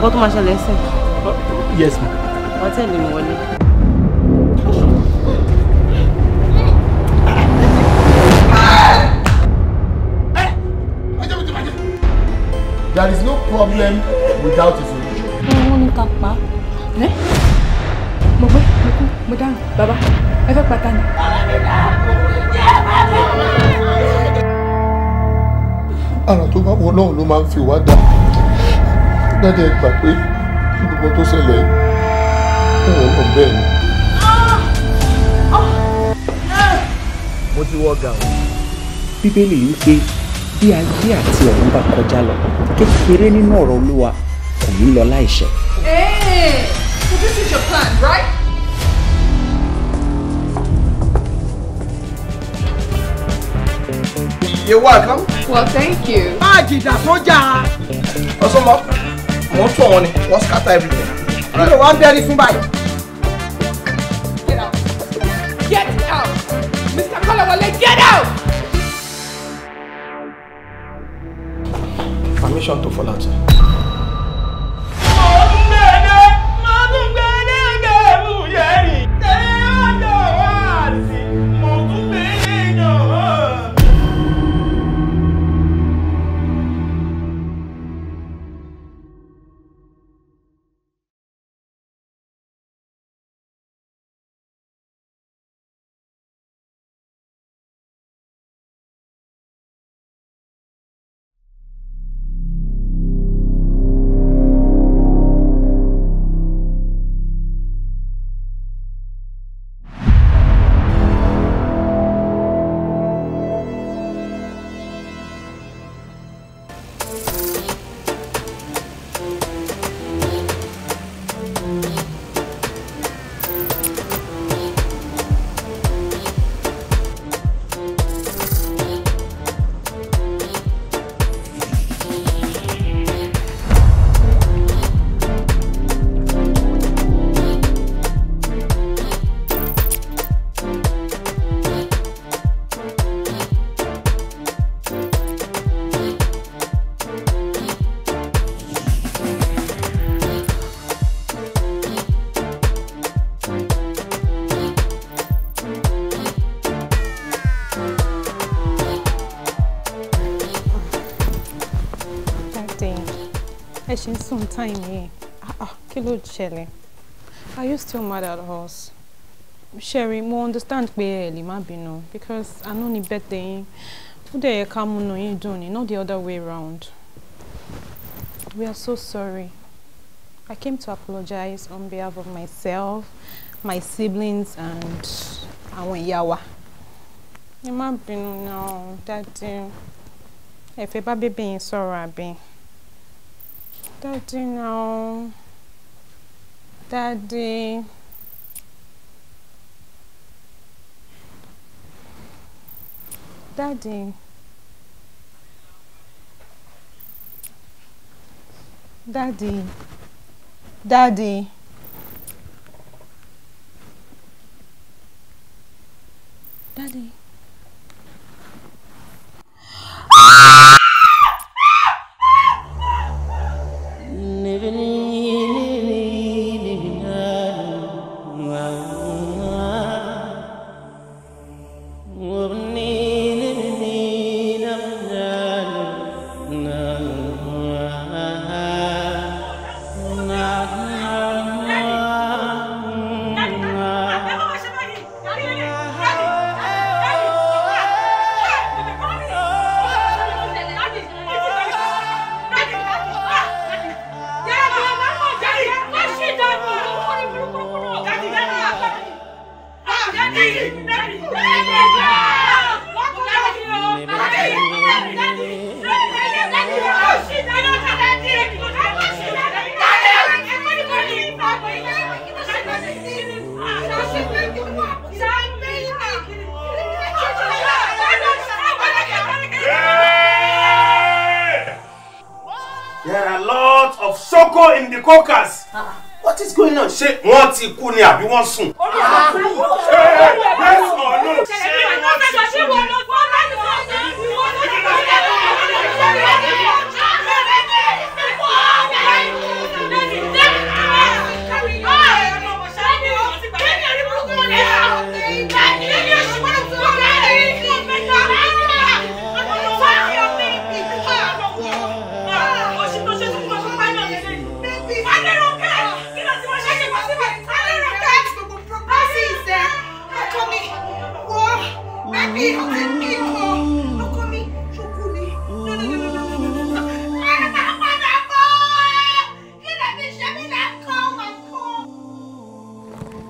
nǹkan tó máa ṣẹlẹ̀ sí. yes ma. wọ́n tẹ̀lé mi wọlé. There is no problem without a solution. Wọ́n ní ká pa. Mo gbé, mo kú, mo dáhùn, bàbá, ẹ fẹ́ pátá ni. Ara tó bá wọ náà ló máa ń fi wá dà dáadé ẹ pé gbogbo tó ṣẹlẹ̀ ẹ̀rọ náà bẹ́ẹ̀ ni. mo ti wọ gàù. bíbélì yìí pé bí ayé àti ọ̀run bá kọjá lọ kékeré nínú ọ̀rọ̀ olúwa kò ní lọ láìṣẹ. You're welcome. Well, thank you. Ajìjà sójà. Ọ̀sán mọ́ àwọn tún àwọn ni wọ́n scatter everything. kí ló wá ń bẹ́rí fún báyìí. Some sometime yìí Ah, ah ló Shelly. are you still mad at us? Sherry mo understand barely, ẹ lè má because I know ni birthday yín ó dẹ̀ yẹ ká múnú yín ni not the other way round. We are so sorry. I came to apologize on behalf of myself, my siblings and our yawa. wa. Ẹ no, bínú if a baby being bá bébè be. Daddy, no. Daddy. Daddy. Daddy. Daddy. Daddy. Johnson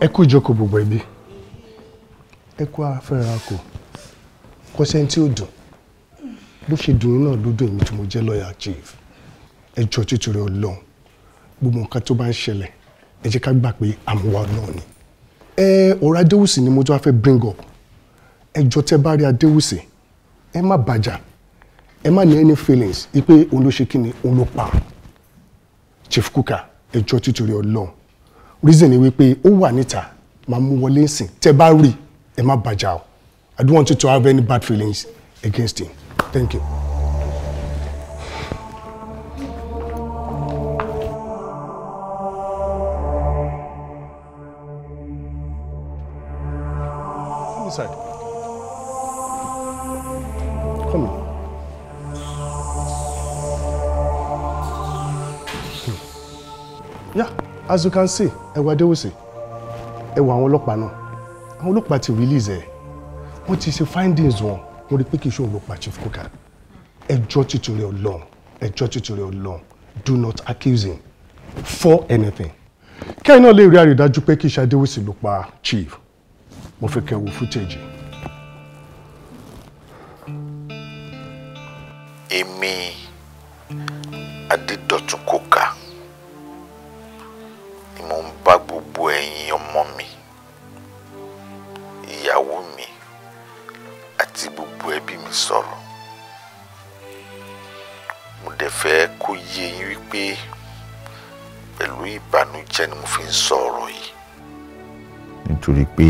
ẹ kú ìjókòó gbogbo ẹbí ẹ kú afẹ́ra kò kọ́sẹ́ tí ó dùn bó ṣe dùn náà ló dùn èmi tí mo jẹ́ lọ́ọ̀yà chief ẹ jọ títorí ọlọ́run gbogbo nǹkan tó bá ń ṣẹlẹ̀ ẹ jẹ́ ká gbà pé àmúwá náà ni ẹ ọ̀rọ̀ adéwùsì ni mo tún wá fẹ́ bring up ẹ jọ tẹ́ bá rí adéwùsì ẹ má bàjá ẹ má ní any feelings ipe òun ló ṣe kí ni òun ló pa chief Kuka ẹ jọ títorí ọlọ́run reason ni wípé ó wà níta máa mú wọlé nsìn tẹ́ bá rí ẹ má bàjá o i don't want you to have any bad feelings against him thank you. as you can see ẹ wá adéwòsè ẹ wá àwọn ọlọ́pàá náà àwọn ọlọ́pàá ti release ẹ wọ́n ti ṣe findings wọn wọ́n rí pé kì í ṣe òun ló pa Chief Coker ẹjọ́ títorí Ọlọ́run ẹjọ́ títorí Ọlọ́run do not accuse him for anything kẹ́hìn náà lè rí àrídájú pé kì í ṣe adéwòsè ló pa Chief mo fẹ́ kẹ́ wo footage. èmi Adédọ̀tun Coker ni mo ń bá gbogbo ẹ̀yin ọmọ mi ìyàwó mi àti gbogbo ẹbí mi sọ̀rọ̀ mo dẹ̀ fẹ́ kó yé yín wípé pẹ̀lú ìbànújẹ́ ni mo fi ń sọ ọ̀rọ̀ yìí. nítorí pé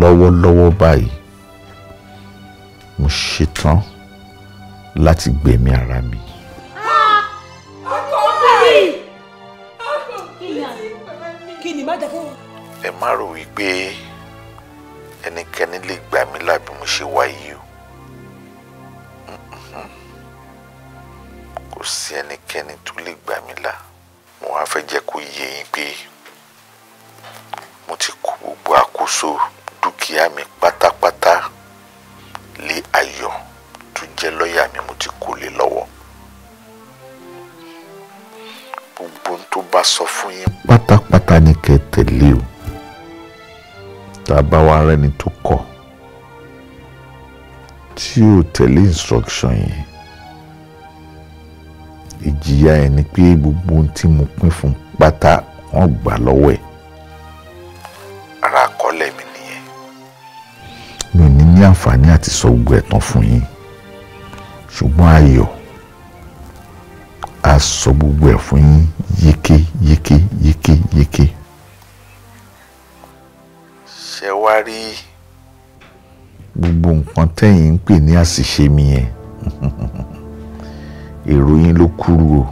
lọ́wọ́lọ́wọ́ báyìí mo ṣetán láti gbẹ̀mí ara mi. ẹ má rò wípé ẹnikẹ́ni lè gbà mí là bí mo ṣe wà yìí o kò sí ẹnikẹ́ni tó lè gbà mí là mo wá fẹ́ jẹ́ kó yé yín pé mo ti kó gbogbo àkóso dúkìá mi pátápátá lé ayọ̀ tó jẹ́ lọ́ọ̀yà mi mo ti kó lé lọ́wọ́ gbogbo tó bá sọ fún yín pátápátá ni kẹ́ tẹ̀lé o tá a bá wá rẹ́ni tó kọ̀ tí ò tẹ̀lé instruction yẹn ìjìyà ẹ̀ ni pé gbogbo ohun tí mo pín fún pátá wọ́n gbà lọ́wọ́ ẹ̀ ara àkọọ́lẹ̀ mi nìyẹn mi ní ní àǹfààní àti sọ gbogbo ẹ̀ fún yín ṣùgbọ́n ayọ̀ a sọ gbogbo ẹ̀ fún yín yékéyékéyékéyéké ṣe wá rí. gbogbo nǹkan tẹ̀yìn ń pè ní àṣìṣe mi yẹn èrò yín ló kúrú o.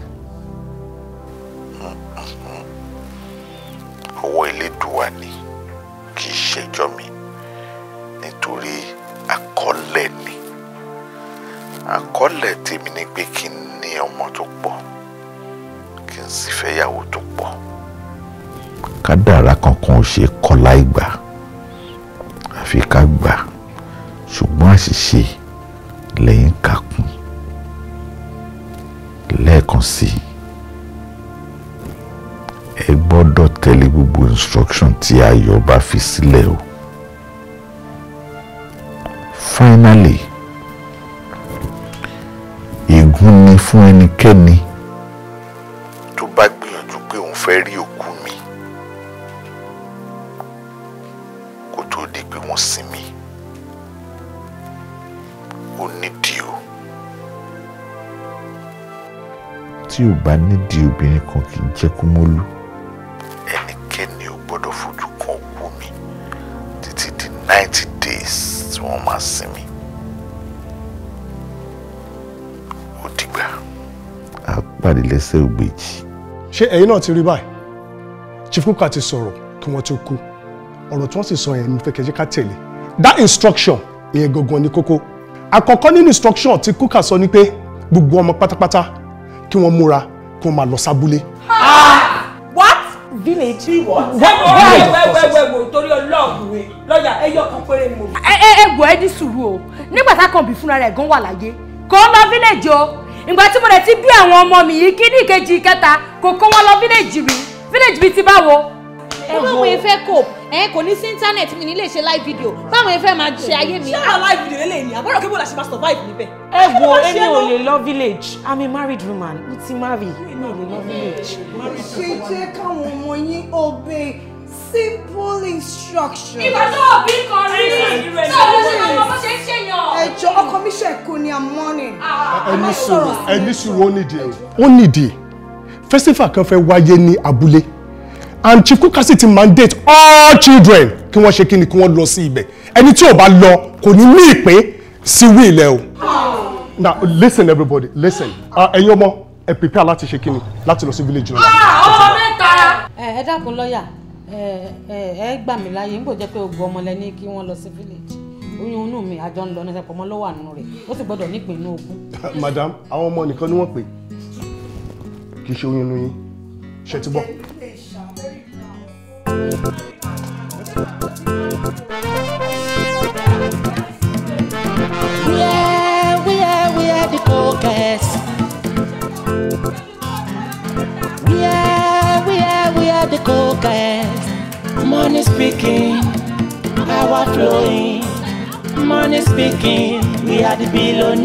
ọwọ́ Elédùwà ni kì í ṣẹjọ́ mi nítorí àkọọ́lẹ̀ ni àkọọ́lẹ̀ tèmi ni pé kí n ní ọmọ tó pọ̀ kí n sì fẹ́ yàwó tó pọ̀. kádàrá kankan ò ṣe kọ́ láì gbà àfi ká gbà ṣùgbọ́n àṣìṣe lẹ́yìn kàkún lẹ́ẹ̀kan sí i ẹ gbọ́dọ̀ tẹ̀lé gbogbo instruction tí ayọ̀ bá fi sílẹ̀ o. finally ègún ni fún ẹnikẹ́ni tó bá gbìyànjú pé òun fẹ́ rí òkú. wọn sinmi ó nídìí o. tí ò bá nídìí obìnrin kan kì í jẹ́ kó mọ́lú. ẹnikẹ́ni ò gbọ́dọ̀ fojú kan òkú mi títí di ninety days tí wọ́n máa sinmi. ó dìgbà. a pàdé lẹ́sẹ̀ ògbèjì. ṣé ẹ̀yin náà ti rí báyìí Chief Kuka ti sọ̀rọ̀ kí wọ́n tó kú ọ̀rọ̀ tí wọ́n sì sọ yẹn ni fẹ́ kẹ́jẹ́ ká tẹ̀lé that instruction ìyẹn gangan ni kókó àkọ́kọ́ nínú instruction ti kúkà sọ ni pé gbogbo ọmọ pátápátá kí wọ́n múra kí wọ́n máa lọ sábúlé. what village. wíwọ wẹwẹwẹwẹ torí ọlọ́ọ̀gùnwe lọ́yà ẹyọ kan péré ni mo. ẹ ẹ ẹ gbọ́ ẹ ní sùúrù o nígbà tá a kàn bí fúnra rẹ̀ gan wà láyé kò ń lọ village o ìgbà tí mo rẹ̀ ti bí àwọn ọmọ mi yìí kí ní ìkejì ìkẹta kò kó wọn lọ village rí village bíi ti báwo ẹ wo báwọn kò ẹ kò ní sí íńtánẹ́ẹ̀tì mi ní lè ṣe live video báwọn ìfẹ́ máa ṣe ayé mi. ṣé live video lè ní àbọ̀rọ̀ kébù la ṣe máa survive níbẹ̀. ẹ wo èmi ò lè lọ village i'm a married woman mo ti marry èmi ò lè lọ village. ṣe jẹ́ káwọn ọmọ yín obey simple instruction. ìgbà tó o bí kan rí tó o ṣe máa bó ṣe ń ṣèyàn. ẹjọ ọkọ mi ṣẹkù ni i'm mourning. Ah. ẹni sùúrù ẹni sùúrù ó nídìí ó nídìí fẹsífà kan fẹ́ wáyé ní abúlé and Chief Kukasi ti mandate all children kí wọ́n ṣe kíni kí wọ́n lọ sí ibẹ̀ ẹni tí ò bá lọ kò ní ní ìpín sí wí ilẹ̀ o. now listen everybody listen ah, ẹ̀yin ọmọ ẹ prepare láti ṣe kíni láti lọ sí village lọ́la. Ah, ọmọ mẹ́ta. ẹ dákun lọ́ọ̀yà ẹ gbà mí láàyè n kò jẹ́ pé ogun ọmọlẹ ní kí wọ́n lọ sí village oyún inú mi àjọ ń lọ ní ẹsẹ̀pọ̀ ọmọ lọ́wọ́ àánú rẹ̀ ó sì gbọ́dọ̀ nípìn inú ogún. madam àwọn ọmọ nìkan ni wọ́n pè kì í ṣe oyún inú yín ṣe ti bọ́. Money speaking, power flowing. Money speaking, we are the billionaires.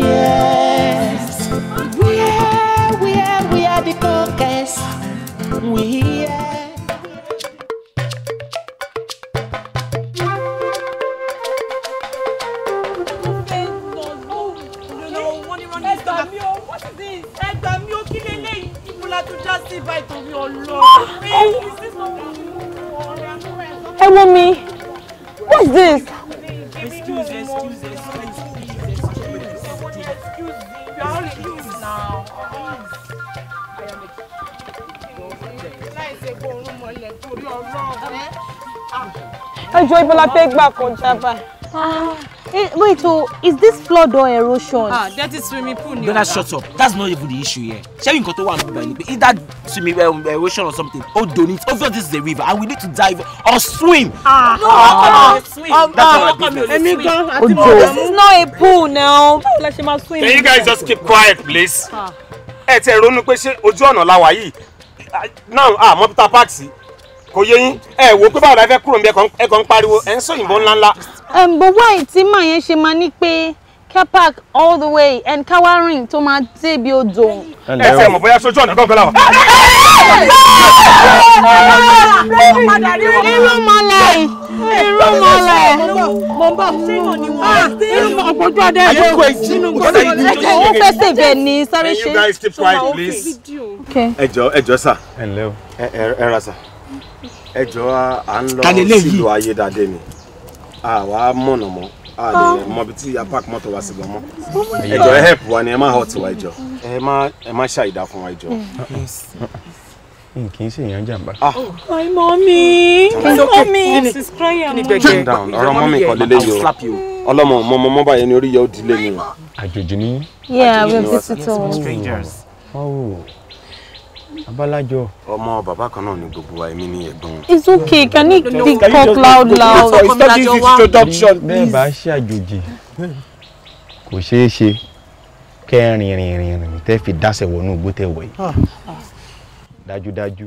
We are, we are, we are the cockers. We are. Ẹ wo mi, what's this? Excuse, excuse, excuse, please, excuse. Excuse me, you are all excused now. Láìsí epo òórùn mọ̀lẹ̀ torí ọlọ́run. Ẹ jọ ibi la fẹ́ gbà kọjá báyìí. Ah. Hey, eh, wait, so oh, is this flood or erosion? Ah, that is swimming pool. Better shut up. That's not even the issue here. Sharing Koto one Is that swimming eh, um, erosion or something? Oh, don't it. Obviously, this is a river and we need to dive or swim. Ah, ah no, ah, ah, swim. Um, That's um, Let me Go, this is not a pool now. Like she swim. Can you guys just keep quiet, please? Ah. Ẹ ti ronú pé Ojo no ọ̀nà la wà ah, Now, ah, mo bi ta kò yé yín ẹ wò pé báwo la fẹ́ kúrò níbi ẹ̀kọ́ ń pariwo ẹ̀ ń sọ òyìnbó ńlá ńlá. Um, but why tí màá yẹn ṣe máa ní pé car park all the way and káwá rìn tó máa dé bí odò. ẹ ṣe mọ̀ bóyá sójú ọ̀nà gbọ̀ngàn làwà. irú mọ́lẹ̀ irú mọ́lẹ̀ irú ah, mọ́lẹ̀ ọ̀pọ̀jọ́ adé ẹ̀jọ́ ó fẹ́ sèbẹ̀ ní sáré ṣe. ẹ jọ̀ọ́ ẹ jọ̀ọ́ sà ẹ ra sà ẹ à ń lọ sílùú ayédáadé ni àwa mọ̀nà mọ́ a lè ah. mọ ibi tí apá mọ́tò wa sì lọ mọ́ oh ẹ ẹ help wa ni ẹ má hot wa ẹ ẹ má ṣàìdá fún wa ẹ jọ. Mm, kì í ṣe ah. oh, my mommy my mommy she's crying. kí ni o ọlọ́mọ mọ́mọ́ mọ́bà yẹn ni orí yẹ ó dilé mi o. àjòjì ni. yeah we are visitors. Oh. Abálájọ. Ọmọ bàbá kan náà ni gbogbo wa, èmi ni ẹ̀gbọ́n. It's okay, can you no, talk loud loud? It's not easy introduction, please. Bẹ́ẹ̀ bá ṣe àjòjì, kò ṣeé ṣe kẹ́ rìn rìn rìn rìn tẹ́ fi dáṣẹ̀ wọnú igbó tẹ́ wọ̀ yìí. Ah. Dájúdájú,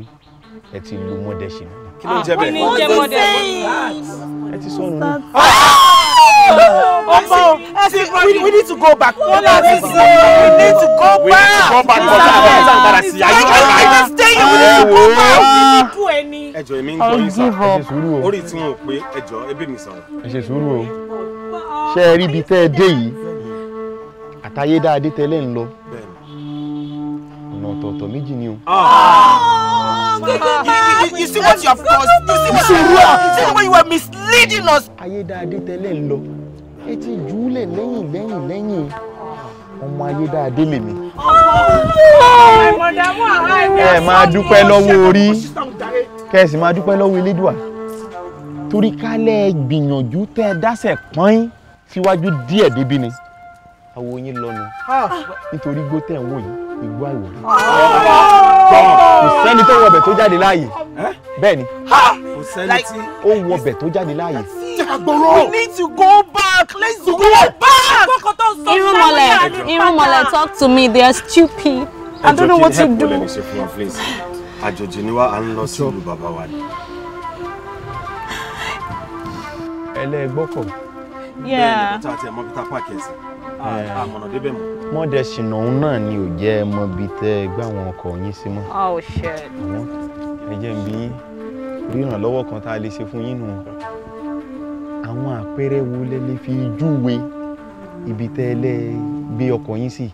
ẹ ti lu mọ́dẹ̀ṣin. Kí ló ń jẹ ah, bẹ́ẹ̀? Ó ti sẹ́yìn. Ẹ ti sọnù. Ah! Omo, we, we need to go back. No, no, we need to go back. We need to go back. We need to go back. We need to go back. We need to go back. We need to go back. Ẹjọ́ èmi ń gbọ́ yín sá. Ẹ ṣe sùúrù o. Orí tí wọn ò pé ẹjọ́ ẹbí mi sọ̀rọ̀. Ẹ ṣe sùúrù o. Ṣé ẹ rí ibi tẹ́ ẹ dé yìí? Àtayédáadé tẹ́lẹ̀ ń lọ. Ọ̀nà ọ̀tọ̀ọ̀tọ̀ méjì ni o. Ah. Oh, you, you, you see what you have caused. You see what you, you see what you were misleading us. Ayédáadé tẹ́lẹ̀ ń lọ etí júlẹ̀ lẹ́yìn lẹ́yìn lẹ́yìn ọmọ ayédáadé lèmi. ẹ máa dúpẹ́ lọ́wọ́ orí kẹ́sì máa dúpẹ́ lọ́wọ́ elédùà torí kálẹ̀ gbìyànjú tẹ́ ẹ dáṣẹ̀ pọ́n síwájú díẹ̀ débi ni àwo yín lọ́nu nítorí gbó tẹ̀ ń wò yìí igbó àìwòrí. kò sẹ́ni tó wọbẹ̀ tó jáde láàyè bẹ́ẹ̀ ni kò sẹ́ni tí tó jáde láàyè. we need to go back. I'll cleanse you. Go back. Irúnmọlẹ̀, Irúnmọlẹ̀, talk to me. They are stupid. I don't know what to do. Àjòjì ni wá à ń lọ Yeah. ìlú bàbá wa ni. Ẹlẹ́gbọ́kọ̀. Bẹ́ẹ̀ni bàtà àti ẹ̀mọ́ bíta pàkì ẹ̀sìn. Àmọ̀nà débẹ̀ mọ̀. Mọ́dẹ ṣìnà òun náà ni ò jẹ́ ẹmọ bíi tẹ́ ẹ gbá àwọn ọkọ̀ yín sí mọ́. Oh shit. Ẹ jẹ́ n bí yín. Rí ìrànlọ́wọ́ kan tá a lè ṣe fún yín nù àwọn àpẹẹrẹ wo lẹ lè fi júwe ibi tẹ́ ẹ lẹ́ gbé ọkọ̀ yín sí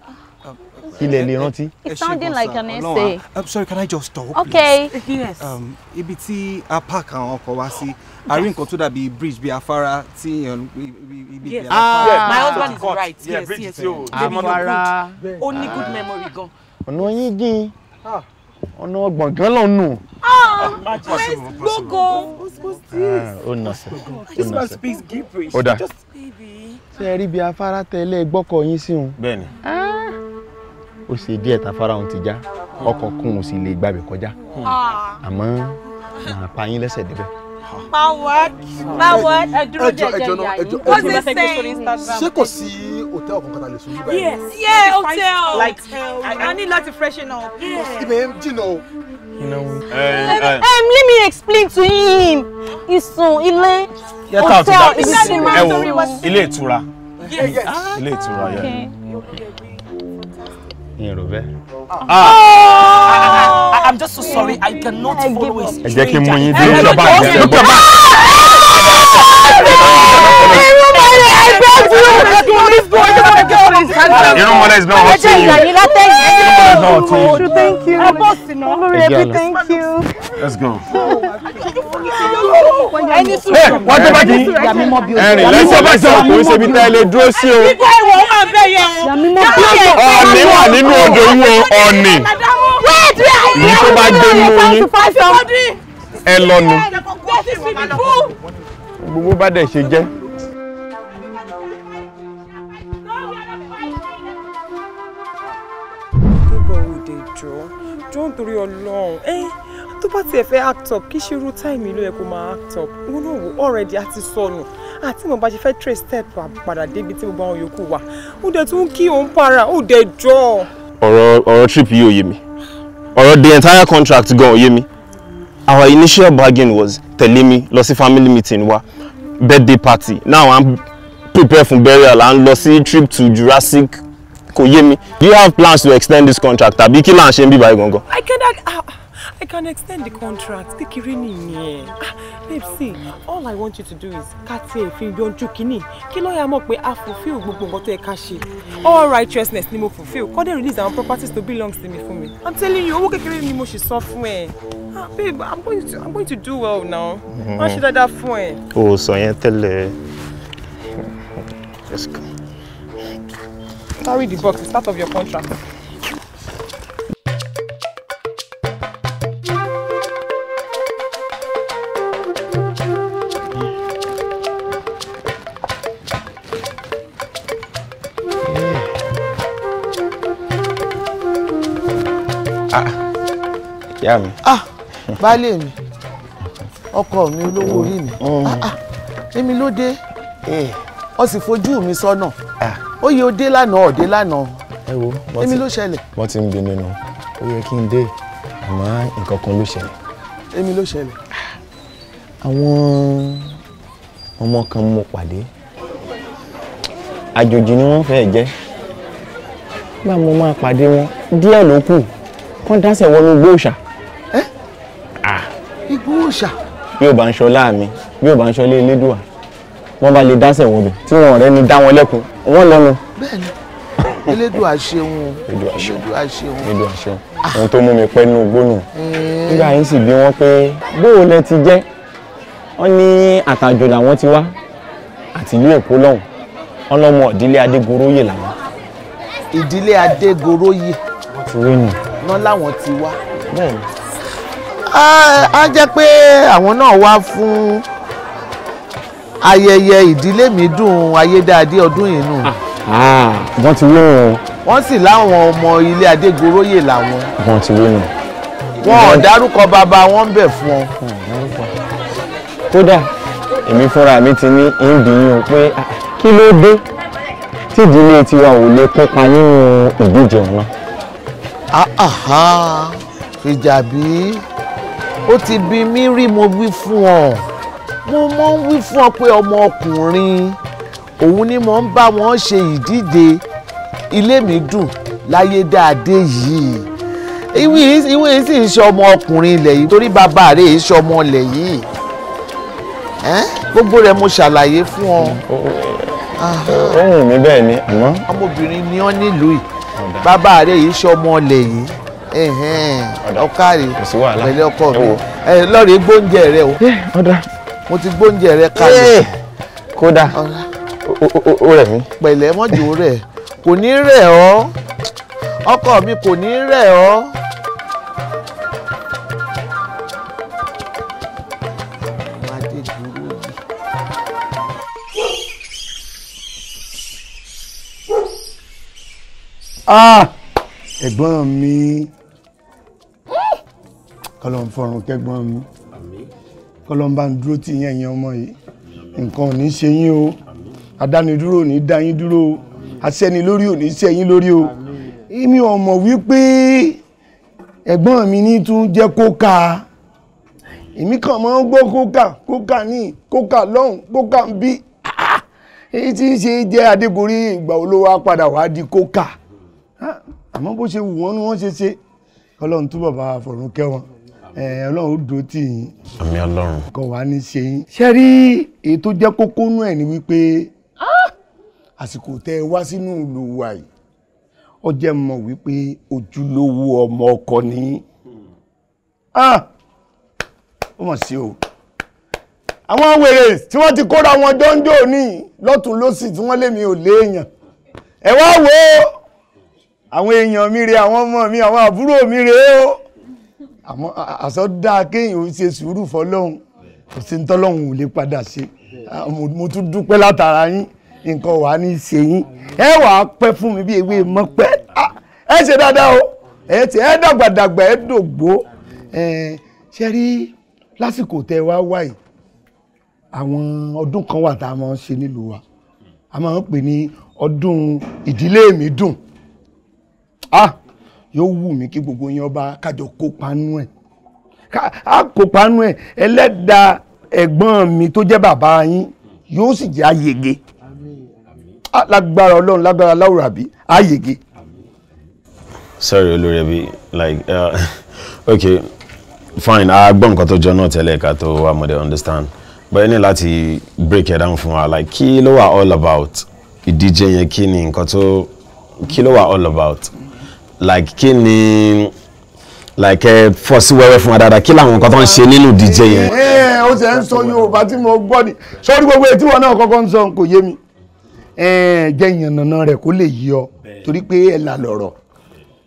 ilẹ̀ lè rántí. it's sounding like an essay. i'm sorry can i just talk okay. please. okay yes. Um, ibi tí a park àwọn ọkọ̀ wá sí a rí nǹkan tó dàbí bridge bí afárá tí ibi ìgbẹ́ ah, afárá. my husband is right yes yes afárá ó Only good memory gan. ọ̀nà yín dín ọ̀nà gbọ̀ngàn lọ nù. gbogbo ah, ah, ó nà sẹ ó nà sẹ ó dà ṣé ẹ rí bí afárá tẹ́lẹ̀ gbọ́kọ̀ yín sí òun. bẹ́ẹ̀ni. Ah. ó ṣe díẹ̀ tafárá òun ti já ọkọ̀ kún òun sì lè gbàgbé kọjá àmọ́ màá pa yín lẹ́sẹ̀ débẹ̀ my word my word ẹ dúró jẹjẹ ìyá yìí ó ti sẹ́yìn ṣé kò sí hotel kankan ta lè sùn níbẹ̀. yes yeah hotel like i need láti freshen up. ibẹ̀ yẹn jìnnà o. You know, um, um, um, let me explain to him. Ìsùn ile hotel ìsinmi. Ile wo ilé ìtura. Ilé ìtura yẹn ní I'm just so sorry I cannot follow his. stranger. ẹ jẹ́ kí n mú yín dé ìjọba àjẹsẹ̀ gbọ́. Irun mọ́lá is not hot to you. Irun mọ́lá is not hot to you. Thank you. Olórí ẹbí thank you. Let's go ẹni sùúrù wọ́n tó bá ti ẹ̀rìn lẹ́sẹ̀ bá sọ̀rọ̀ kò ń ṣe ibi tẹ́lẹ̀ dúró sí o. ìgbà ìwọ̀ wà bẹ́ẹ̀ yẹn o. ọ̀nì wà nínú odò yín o ọ̀nì. ní tó bá dé mú yín ẹ lọ́nu. gbogbo bá dẹ̀ ṣe jẹ́. jọ́ nítorí ọlọ́run tó bá tiẹ̀ fẹ́ act up kí ṣerú táìmì ló yẹ kó máa act up wọn náà wò already àti sọnù àti mo bá ṣe fẹ́ trace step padà débi tí gbogbo àwọn yòókù wà ó dẹ̀ tún kí òun para ó dẹ̀ jọ. ọ̀rọ̀ ọ̀rọ̀ trip yìí ò yé mi ọ̀rọ̀ the entire contract gan ò yé mi our initial bargain was tẹ̀lé mi lọ sí family meeting wa birthday party now i'm prepare for burial and lọ sí trip to Jurassic kò yé mi do you have plans to extend this contract àbí kí là ń ṣe ń bí báyìí gangan. i cannot. Uh... I can extend the contract. Kékeré nìyẹn. Ah, babe, see, all I want you to do is ká tí ẹ fi yọjú kínní. Kí lọ́ọ̀yà mọ̀ pé a fulfil gbogbo nǹkan tó yẹ ká ṣe. All righteousness ni mo fulfil. Kọ́dé release àwọn properties to belong to me fún mi. I'm telling you, owó kékeré ni mo ṣì sọ fún ẹ. Ah, babe, I'm going to, I'm going to do well now. Mhm. Má ṣe dáadáa fún ẹ. O sọ yẹn tẹ́lẹ̀. Just go. Carry the box, it's part of your contract. ìyá mi. ah baálé mi ọkọ mi olówó orí mi mm. ah, ah, èmi ló dé ọ eh. sì fojú mi sọ́nà ah. ó yẹ ó dé lánàá ọ̀dé lánàá èmi ló ṣẹlẹ̀. wọ́n ti ń bi nínú ó yẹ kí n dé àmọ́ nǹkan kan ló ṣẹlẹ̀. èmi ló ṣẹlẹ̀. àwọn ọmọ kan mo pàdé àjòjì ni wọ́n fẹ́ẹ́ jẹ́ nígbà mo máa pàdé wọn díẹ̀ ló kù kán dáṣẹ̀ wọnú igbó òòṣà òrìṣà. bí ò bá ń ṣọlá mi bí ò bá ń ṣọlé elédùà wọn bá lè dáṣẹ wọn tí wọn rẹ ni dá wọn lẹ́kùn wọn lọnu. bẹ́ẹ̀ni elédùà ṣeun elédùà ṣeun elédùà ṣeun ah. ohun tó mú mi pẹ́ nínú gbónú. nígbà yín sì bí wọ́n pé bóò lẹ ti jẹ́ wọ́n ní àtàjọ làwọn ti wá àtìlú èkó lọ́hùn wọ́n lọ́mọ ìdílé adégoróyè làwọn. ìdílé adégoróyè. wọ́n láwọn ti wá. bẹ́ẹ̀ni á jẹ́ pé àwọn náà wá fún ayẹyẹ ìdílé mi dùn ayédáadé ọdún yìí nù. Ah, ah. wọ́n ti wé wọn. wọ́n sì láwọn ọmọ ilé adégoróyè làwọn. wọ́n ti wé wọn. wọn ò dárúkọ bàbá wọn ń bẹ̀ fún ọ. kódà èmi fúnra mi ti ní ìbíyàn pé ah, kí ló dé tí ìdílé tiwa ò lè kópa nínú ìdíje ọ̀nà. àhà fìjàbí ó ti bí mi rí mo wí fún ọ mo mọ ń wí fún ọ pé ọmọ ọkùnrin òun ni mo ń bá wọn ṣe ìdíje ilé mi dùn láyé dáadé yìí ìwé ìwé sì ń ṣe ọmọ ọkùnrin ilẹ̀ yìí torí bàbá rẹ̀ ń ṣe ọmọ ilẹ̀ yìí gbogbo rẹ̀ mo ṣàlàyé fún ọ. ohun mi bẹ́ẹ̀ ni àmọ́. ọmọbìnrin ni ọ́ nílùú yìí bàbá rẹ̀ yìí ṣe ọmọ ilẹ̀ yìí ọkàrí pẹ̀lú ọkọ mi lọ́ọ̀rì gbóúnjẹ rẹ o mo ti gbóúnjẹ rẹ kalẹ̀ kódà o, rẹ̀ mí. pẹ̀lẹ́ mọ́jú rẹ̀ kò ní rẹ̀ ọ́ ọkọ mi kò ní rẹ̀ ọ́. Ah! ẹ̀gbọ́n mi kọlọ́n fọrùn kẹgbọ́n mi kọlọ́n bá ń dúró tì yín ẹ̀yin ọmọ yìí nǹkan ò ní ṣe yín o adánidúró ò ní dá yín dúró o aṣẹ́ni lórí ò ní ṣe yín lórí o èmi ò mọ̀ wípé ẹ̀gbọ́n mi ní tún jẹ́ kóka èmi kàn máa ń gbọ́ kóka kóka ní kóka lọ́hùn kóka ń bí ah, èyí tí ń ṣe jẹ́ adégorí ìgbà olówó padà wá di kóka ah, àmọ́ bó ṣe wù wọ́n ni wọ́n ṣe ṣe ọlọ́run túbọ̀ bá fọ̀run kẹ́ ọlọ́run ó dúró tì yín. àmì ọlọ́run. kò wá ní ṣe yín. ṣé rí èyí tó jẹ́ kókó nú ẹ̀ ni wípé àsìkò tẹ́ ẹ wá sínú ìlú wa yìí ó jẹ́ mọ̀ wípé ojúlówó ọmọ ọkọ ni ah! ó mọ̀ sí o àwọn wèrè tí wọ́n ti kóra wọn jọ́njọ́ ní lọ́tún lọ́sì tí wọ́n lé mi ò léèyàn ẹ wá wo àwọn èèyàn mi rè àwọn ọmọ mi àwọn àbúrò mi rè ó àmọ́ àsọ dáa kéèyàn ó ṣe sùúrù fọlọ́hún kò sí tọ́lọ́hún ò lè padà ṣe mo tún dúpẹ́ látara yín nǹkan wà ní ṣe yín ẹ wà á pẹ́ fún mi bí ewé mọ́pẹ́ ẹ ṣe dáadáa o ẹ ti ẹ dàgbàdàgbà ẹ dògbó ṣe rí lásìkò tẹ wá wáyìí àwọn ọdún kan wà tá a máa ń ṣe nílùú wa a máa ń pè ní ọdún ìdílé mi dùn ah yóò wù mí kí gbogbo yín ọba kájọ kópa nú ẹ̀ á kópa nú ẹ̀ ẹlẹ́dàá ẹ̀gbọ́n mi tó jẹ́ bàbá yín yóò sì jẹ́ àyègé lágbára ọlọ́run lágbára láwùrà bí àyègé. sorry olórí ẹbí like uh, okay fine a gbọ́ nǹkan tó jọ náà tẹ́lẹ̀ ká tó wà mo dey understand but ẹ ní láti break it down fún wa like kí ló wà all about ìdíje yẹn kí ni nǹkan tó kí ló wà all about. Mm -hmm like kí ni like ẹ fọ sí wẹ́wẹ́ fún wa dáadáa kí làwọn nǹkan tó ń ṣe nínú díje yẹn. ẹ ẹ ó ṣe ń sọ yorùbá tí mo gbọ́ ni sọ́ọ́rí gbogbo etí wọn náà kọ́kọ́ ń sọ kò yé mi jẹ́ ìyànnànà rẹ̀ kó lè yí ọ torí pé ẹ̀ là lọ̀rọ̀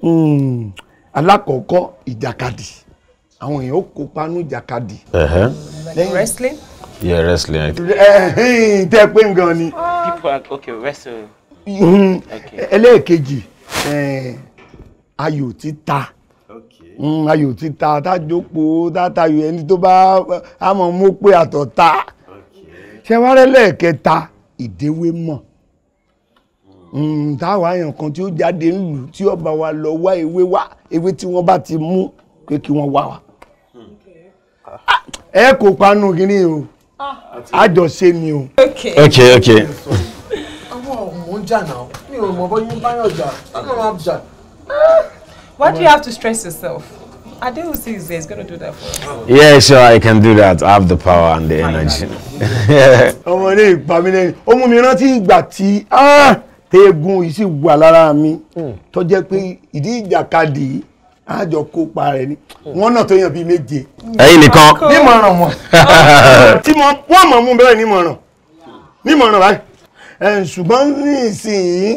hmm, alákọ̀ọ́kọ́ ìjàkadì àwọn èèyàn ó kópa ní ìjàkadì. wrestling. yeah wrestling. tẹ́ pé nǹkan ni. Ah. people are okay wrestling. Hmm, ẹlẹ́ẹ̀kejì. Okay ayò títa hmm, ayò títa tájókòó tátayò ẹni tó bá àmọ́ mú pé àtọ̀ ta ṣẹwárẹ́ lẹ́ẹ̀kẹta ìdéwé mọ̀ hmm, táwa èèyàn kan tí ó jáde ńlù tí ọba wa lọ wá ewé wá ewé tí wọ́n bá ti mú pé kí wọ́n wá wa ẹ kò panu kínní o àjọṣe ah. ni o. ok ok. ọmọ mò ń jà náà mi ò mọ̀ bọ́ yín báyọ̀ jà kí ló máa jà. Why do you have to stress yourself? Adeusi is there, he's going to do that for you. Yeah, sure, I can do that. I have the power and the energy. Ọmọ ilé ìpamílẹ̀ ó mú mi rántí ìgbà tí ah, teegun yìí sì wà lára mi hmm. tó jẹ́ pé ìdí ìjàkadì àjọ kópa rẹ̀ ni hmm. wọ́n náà tó yàn bíi méje. Ẹ̀yin nìkan. Nímọ̀ràn wọn. Tí wọ́n mọ̀ mú bẹ́ẹ̀ nímọ̀ràn. Nímọ̀ràn báyìí. Ṣùgbọ́n nísìnyí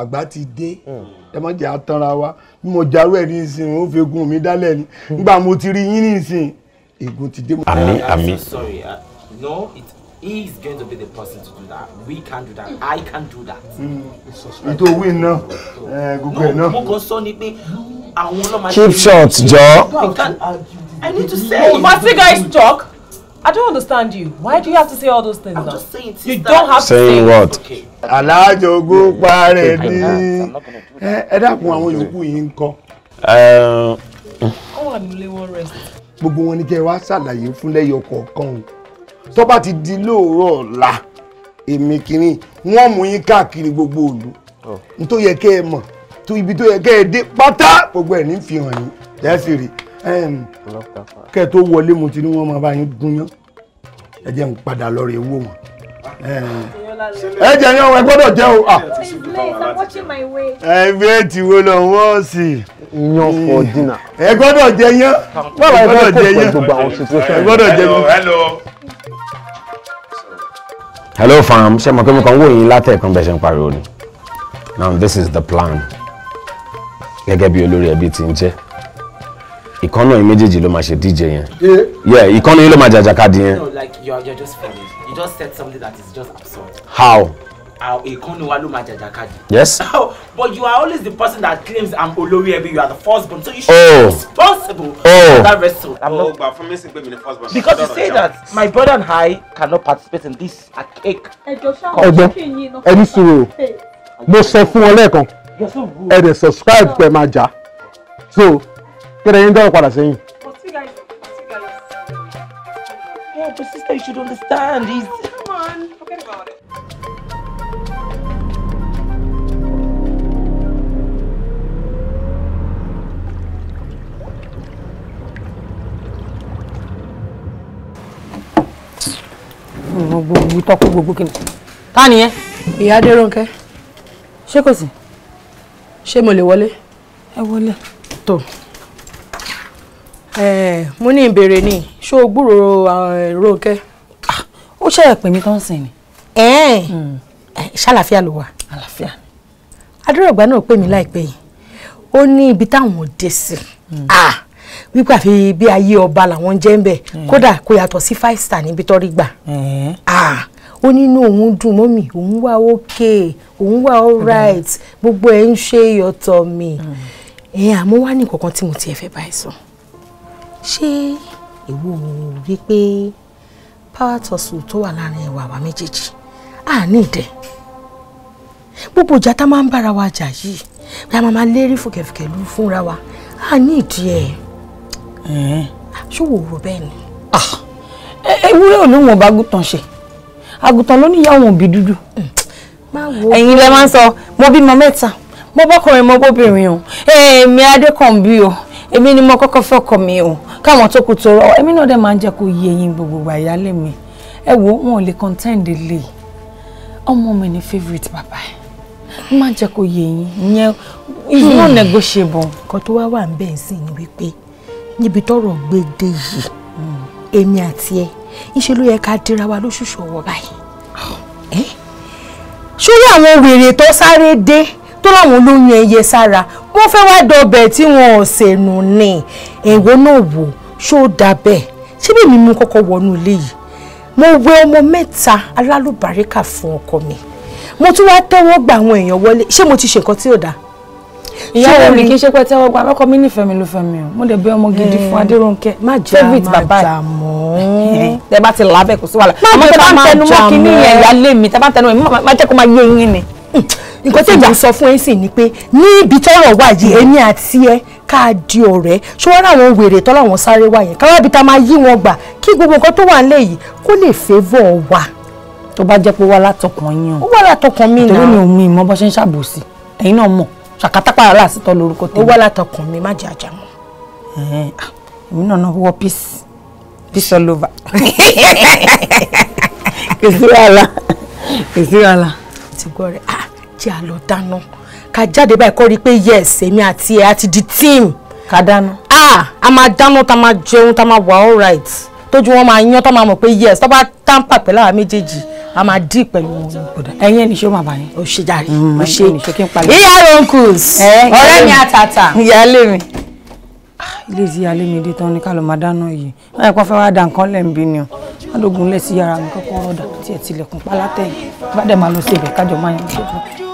àgbà ti dé. Mm ẹ má jẹ́ àtànra wa bí mo jarú ẹ̀ ní ìsìn ó fi egun mi dálẹ̀ ni nígbà mo ti rí yín ní ìsìn egun ti dé. àmín àmín. sorry uh, no it is going to be the person to do that we can do that i can do that. Mm. ètò owó iná gbogbo ẹ̀ náà. mo kàn sọ ni pé àwọn ọlọ́mọ. cheap i need to say. must you guys talk. I don't understand you. Why do you have to say all those things I'm now? just saying, You don't have saying to say what? Okay. Alájogún parẹ́ ní. Ẹ dákun àwọn yòókù yìí ń kọ́. Ó wà I'm wọ́n rẹ̀. Gbogbo wọn ni kẹ́ ẹ wá ṣàlàyé fún lẹ́yọ kọ̀ọ̀kan o. Tó bá ti di lóòrọ̀ ọ̀la, èmi kìíní, wọ́n mú yín káàkiri gbogbo ìlú. Oh. N tó yẹ kẹ́ ẹ mọ̀, ibi tó yẹ kẹ́ ẹ dé pátá, gbogbo ẹ̀ ní fi hàn yín, jẹ́ fi kẹ́ tó wọlé mo ti ní wọ́n máa bá yín gúnyán ẹ jẹ́ ń padà lọ rè wò wọ́n ẹ jẹ́ yán ẹ gbọ́dọ̀ jẹ́ o. Ah. ẹ ti wo lọ wọ́n sì. yan for dinner. ẹ gbọ́dọ̀ jẹ yán ẹ gbọ́dọ̀ jẹ yán ẹ gbọ́dọ̀ jẹ yán. hello fam ṣe mọ̀ pé mo kàn ń wò yín látẹ̀kùn bẹ́ẹ̀ ṣe ń pariwo ni now this is the plan gẹ́gẹ́ bí olórí ẹbí ti ń jẹ́ ìkànnà yìí méjèèjì ló máa ṣe díje yẹn yeah ìkànnà yìí ló máa jàjàkadì yẹn. no like you are just foolish you just said something that is just absurd. how. ìkànnà wa ló máa jàjàkadì. yes. but you are always the person that claims i'm olórí ẹbí you are the first born so you should oh. be responsible oh. for that wrestle. Oh, not. ọgbà fún mi sì pé mi ni first born. because you say that my brother and I cannot participate in this cake. ẹjọ ṣáà ọjọ kí n yín náà. ẹni sùúrù mo sọ fún ọ lẹ́ẹ̀kan ẹ̀dẹ̀ subscribe pẹ̀ máa jà so kẹ́rẹ́ yín dọ́rọ̀ padà sẹ́yìn. Yeah, but sister, you should understand. Come on, forget about it. gbogbo tọ́kú gbogbo kìnnì ta ni ẹ. ìyá Adérónkẹ́. ṣé kò sí. ṣé mo lè wọlé. ẹ wọlé. tó. Eh, mo ní ìbéèrè ni ṣó o gbúròó eh, Rónkẹ́. Ah, ó ṣe ẹ̀pẹ̀ mi tó sìn ni. Hmm. Eh, ṣàlàfíà ló wà. àlàfíà. adúrógbà náà pè mí láìpẹ́ yìí ó ní ibi táwọn dé sí hmm. ah, wípé àfi bí ayé ọba làwọn jẹ́ ń bẹ̀ hmm. kódà kò yàtọ̀ sí five star níbi tó gbà ah, ó nínú òun dùn mọ́ òun wà okay òun wà alright gbogbo ẹ̀ ń ṣe ìyọ̀tọ̀ mi ẹ̀yìn àmọ́ wá ní nǹkan kan tí mo tiẹ̀ fẹ́ báyìí sọ. So ṣé ìwọ rí pé power tussle tó wà láàrin ìwà àwa méjèèjì à ní ìdẹ gbogbo ìjà tá máa ń bára wa jà yìí bí a máa máa lérí fòkèfòkè lù fúnra wa à ní ìdí ẹ̀ ṣòwò rò bẹ́ẹ̀ ni. E, ewúrẹ́ ò lóun ọba àgùntàn ṣe àgùntàn ló níyàwó òbí dúdú hmm, ẹ̀yin lẹ máa ń sọ mo bímọ mẹ́ta mo bọ́kùnrin mo bóbìnrin o èmi adékànbí o èmi ni mo kọ́kọ́ fẹ́ ọkọ mi o káwọn tó kù tó rọ èmi náà dẹ̀ máa ń jẹ́ kó yé yín gbogbo àyálé mi ẹ wo wọn ò contend lè ọmọ mi ni favourite bàbá ẹ máa ń jẹ́ kó yé is hmm. not negotiable. nǹkan wa wá wà ń bẹ̀ ń sìn ni wípé níbi tọ́rọ̀ gbédè yìí èmi àti ẹ ńṣe ló yẹ ká dira wa lóṣooṣù ọwọ́ báyìí ṣúgbọ́n àwọn wèrè tó sáré dé tó láwọn olóyún ẹyẹ sára wọ́n fẹ́ wá dọbẹ̀ tí wọn ò sènù ni èwo náà wò ṣó dà bẹ́ẹ̀ ṣé bí mi mú kọ́kọ́ wọnú ilé yìí mo wẹ ọmọ mẹ́ta alálùbáríkà fún ọkọ mi mo tún wá tẹ́wọ́ gba àwọn èèyàn wọlé ṣé mo ti ṣe nǹkan tí ò dáa. ìyá rẹ̀ mi kì í ṣe pé tẹ́wọ́ gba ọkọ mi nífẹ̀ẹ́ mi ló fẹ́ mi o mo dẹ̀ bẹ ọmọ gidi fún eh, Adérónkẹ́ favourite bàbá ẹ̀ tẹ bá ti là á bẹ̀ kò sí wàhálà àmọ́ tẹ bá ń tẹnu mọ́ kínní yẹn ìyá lé mi tẹ bá ń tẹnu mọ́ má jẹ́ kó máa yé yín ni. Hmm nǹkan tí èmi sọ fún ẹ sì ni pé ní ibi tọ́rọ̀ wà yìí èmi àti ẹ ká di ọ̀rẹ́ ṣọwọ́n àwọn wèrè tọ́lá wọn sáré wà yẹn káwábi tá a máa yí wọn gbà kí gbogbo nǹkan tó wà nílẹ̀ yìí kó lè favour wa. tó bá jẹ́ pé wá látọkàn yín o. ó wá látọkàn mi náà. torí mi ò mú ìmọ̀ bó ṣe ń ṣàbòsí ẹ̀yin náà mọ̀ ṣàkátápàrà láàsìtọ́ lórúkọ tèmi. ó wá látọkàn mi má jẹ àjà ah, èmi náà náà wọ peace peace all over. kò jẹ́ a lọ dáná ká jáde báyìí kọ́ rí i pé yes èmi àti ẹ̀ àti di team. ká dáná. ah a máa dáná tá a máa jẹun tá a máa wà all right tójú wọn máa yan tó máa mọ̀ pé yes tó bá tampa pẹ̀lú àwọn méjèèjì a máa dì pẹ̀lú wọn. ẹyin ẹni ṣó màmá yẹn. o ṣe jàre mm, o ṣe ìyá ronkles ọ̀rẹ́ mi àtàtà. ìyáálé mi ah, ilé tí ìyáálé mi dé tán ní ká lọ máa dáná yìí láì pọ́n fẹ́ wá da nǹkan lẹ́ǹbí ni o wọ́n lógun mi kọ́kọ́ rọ̀dà tí ẹ̀ tilẹ̀kùn pálátẹ̀ yìí bá dẹ̀ máa lọ sí ibẹ̀ kájọ máa yan ní ṣojú.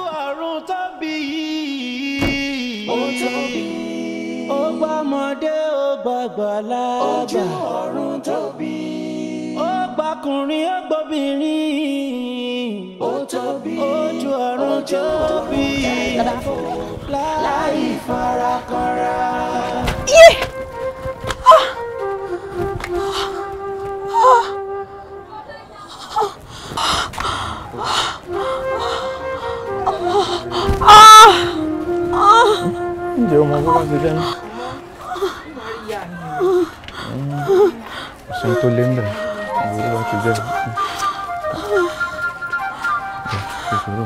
àgbàlagbà. ojú ọ̀run tóbi. ó gbàkùnrin ó gbóbìnrin. ó tóbi ojú ọ̀run tóbi. láì farakanra. Yeah. Ah. Ah. Ah. Ah. Ah. Ah. ǹjẹ́ Ah. Ah. bó bá ṣe jẹ́ náà ṣe tó lé ń bẹ̀ ìwé wa ti jẹ́ ìṣòro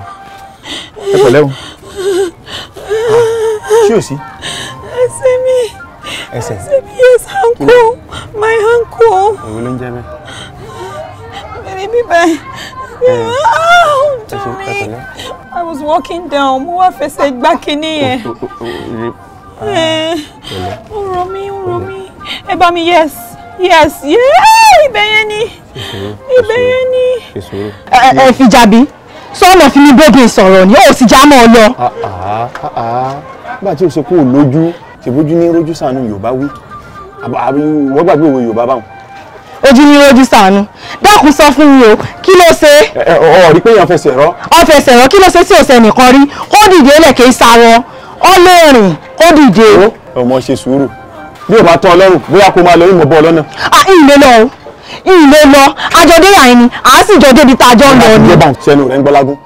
ẹ pẹ̀lẹ́ o ṣé o sí. ẹsẹ̀ mi ẹsẹ̀ mi yes uncle my uncle. èwo ló ń jẹ́ bẹ́ẹ̀. bẹ̀rẹ̀ mi báyìí. I was walking down, mo wá fẹsẹ̀ gbá kinní yẹn. Ó rọ oh Romy. rọ mí ẹ mi yes yes ibẹ̀ yẹn ni ibẹ̀ yẹn ni. ẹ fi jàbí sọ́ọ̀nà fi mi bóbi sọ̀rọ̀ ni ó sì já mọ́ ọ lọ. Ah, ah, ah, nígbà tí o ṣe kó o lójú ṣèbójú ní rojú sànú yorùbá wí àbí wọ́n gbàgbé òwe yorùbá báwọn ojú ní ojú sànú dákun sọ fún mi o kí ló ṣe. ọ rí pé èèyàn fẹsẹ̀ rọ. ọ fẹsẹ̀ rọ kí ló ṣe tí òsè nìkan rí kó dìde lẹ̀kẹ́ sá wọn ọ lè rìn kó dìde. ọmọ ṣe sùúrù bí o bá tọ́ ọlọ́run bóyá kó máa lọ ìmọ̀ bọ́ ọlọ́nà. à ah, ìlé lọ o ìlé lọ àjọdé yà ni à á sì jọ débi tá a jọ ń lọ ni. ìjọba ìṣẹ́nu rẹ̀ ń gbọ́lágún.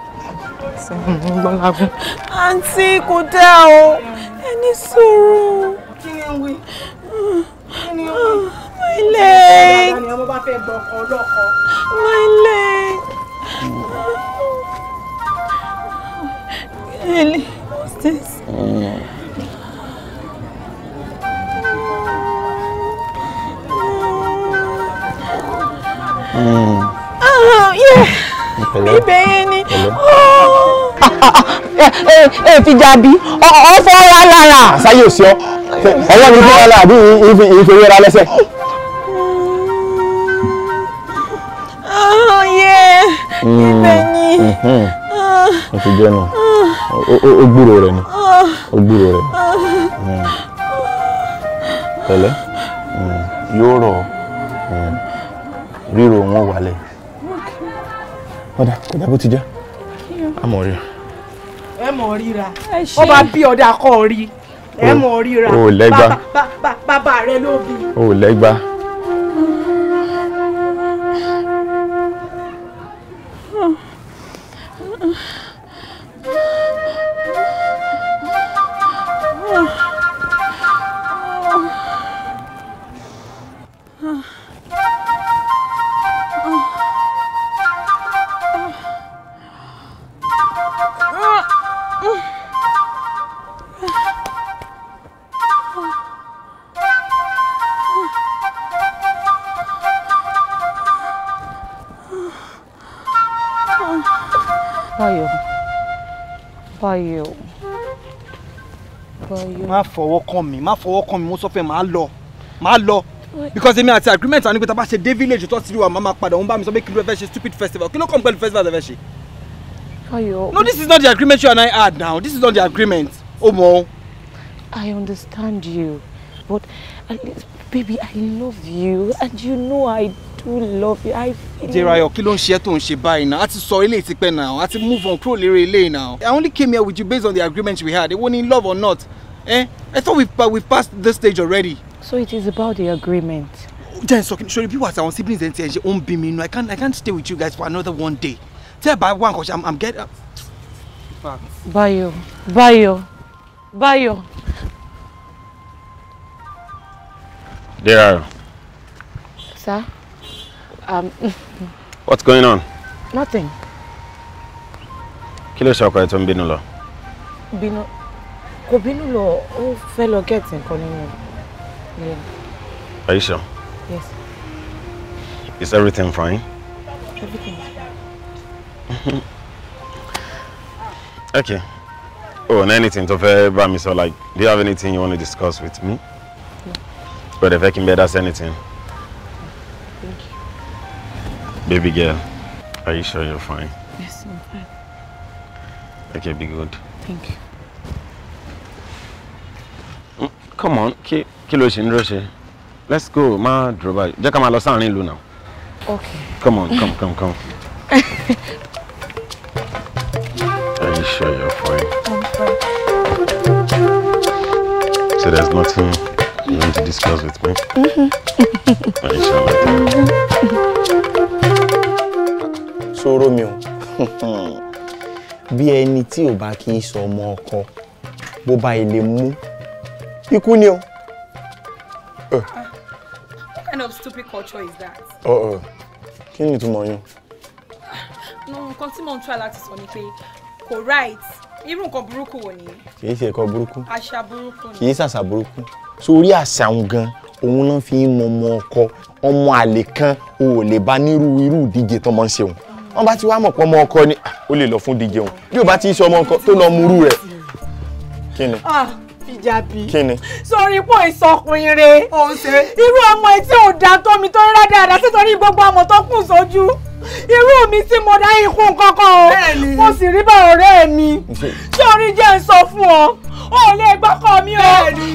àǹtí kò dá o ẹni sùúrù. Ah, my leg. my leg. Mm. Ellie, what's this? Mm. ibẹ̀ yẹn ni ẹ ah, ah, ah, eh, eh, eh, fi jàbí ọ fọ́ ra lára. àṣàyè òsì ọ ọwọ́ mi fọ́ ra lára àbí ìfowó ra lẹ́sẹ̀. ibẹ̀ oh, hmm, ni. o hmm. ti jẹ́ nù o gbúrò rẹ̀ ni o gbúrò rẹ̀ ni hmm. pẹ̀lẹ́ yóò rọ̀ ọ́ ríro wọn wálẹ̀ ọ̀dà ọ̀dà bó ti jẹ́ àmọ̀ rí ẹ mọ̀ ríra ó bá bí ọ̀dà kọ́ rí ẹ mọ̀ ríra bàbá rẹ ló bí. o lẹ́gbàá. má fọwọ́ kàn mí má fọwọ́ kàn mí mo sọ fẹ́ máa lọ máa lọ because èmi àti agreement wa ni pé tá a bá ṣe dé village tó ti rí wa máa máa padà òun bá mi sọ pé kí ló fẹ́ ṣe stupid festival kí ló kàn pẹ̀lú festival tẹ́ fẹ́ ṣe. No, this is not the agreement you and I had now. This is not the agreement. Omo. I understand you, but least, baby, I love you, and you know I do love you. I feel. Jerayo, kí ló ń ṣe tó ń ṣe báyìí now? A ti sọ eléyìí ti pẹ́ now. A move on kúrò lérè eléyìí now. I only came here with you based on the agreement we had. Èwo ni love or not. Eh? I thought we've, we've passed this stage already. So it is about the agreement. Then so sorry, people what our siblings and she won't be me. No, I can't I can't stay with you guys for another one day. Tell by one coach, I'm I'm getting up. Bayo. Bayo. Bayo. There Sir? Um What's going on? Nothing. Kilo shaka ṣe binola. ẹ kò bínú lọ ó fẹ́ lọ get nǹkan nínú rẹ̀. Are you sure? Yes. Is everything fine? Everything is fine. okay. Oh, and anything to fẹ́ bá mi sọ, like, do you have anything you want to discuss with me? No. But if I can be that's anything. Thank you. Baby girl, are you sure you're fine? Yes, I'm fine. Okay, be good. Thank you. come on ki kí ló ṣe ń dúró let's go ma dúró báyìí jẹ́ ká máa lọ sáàrin ìlú náà. okay. come on come come come. are you sure you're fine? I'm fine. so there's nothing you want to discuss with me? Mm-hmm. are you sure about that? Mm-hmm. so Romeo bí ẹni tí ò bá kì í sọ ọmọ ọkọ bó bá ikú ni o. What kind of stupid culture is that? kí ni ìtumọ̀ yín? nǹkan tí mò ń try láti sọ ni pé kò right irú nǹkan burúkú wò nìyí. kì í ṣe ẹ̀kọ́ burúkú. àṣà burúkú ni. kì í ṣàṣà burúkú. sórí àṣà òun gan òun náà fi ń mọ ọmọ ọkọ ọmọ àlè kan o ò lè bá nírú irú ìdíje tó máa ń ṣe òun wọn bá ti wá mọ̀ pé ọmọ ọkọ ni ah, ó lè lọ fún díje òun bí o bá ti ń ṣe ọmọ ọkọ tó lọ mú irú rẹ̀ kí ni. Ah jàbí. kí ni. sórí pọ̀ ìsọkùnrin re. ó ń ṣe. irú ọmọ etí ò da tó mi tó rárá dáadáa sítorí gbogbo ọmọ tó kù sójú irú mi tí mo dá ikú kankan o mo sì rí bá ọ̀rẹ́ mi sórí jẹ́ ń sọ fún ọ o ò lè gbọ́kọ̀ mi o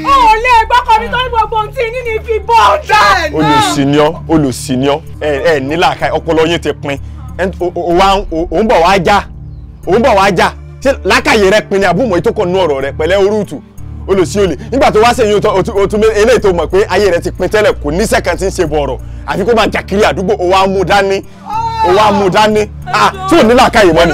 o ò lè gbọ́kọ̀ mi tó ní gbogbo ohun tí ní ní fi bọ́ ọ̀dà náà. olùsìnìọ́ olùsìnìọ́ ẹ ẹ nílàkà ọpọlọ yín ti pin òun bọ̀ wá já òun bọ̀ wá já ṣé làákàyè rẹ pin ni àbúmọ̀ ètò kan nú ọ̀rọ̀ rẹ pẹ̀lẹ́ orúùtù olùsí olè nígbà tó wá sí èyí òtún eléyìí tó mọ̀ pé ayé rẹ ti pin tẹ́lẹ̀ kò ní sẹ́kàn tí ń ṣe bọ̀rọ̀ àfi kó máa jàkiri àdúgbò ó wá mú dání ó wá mú dání ah tí ò ní làákàyè mọ́ ni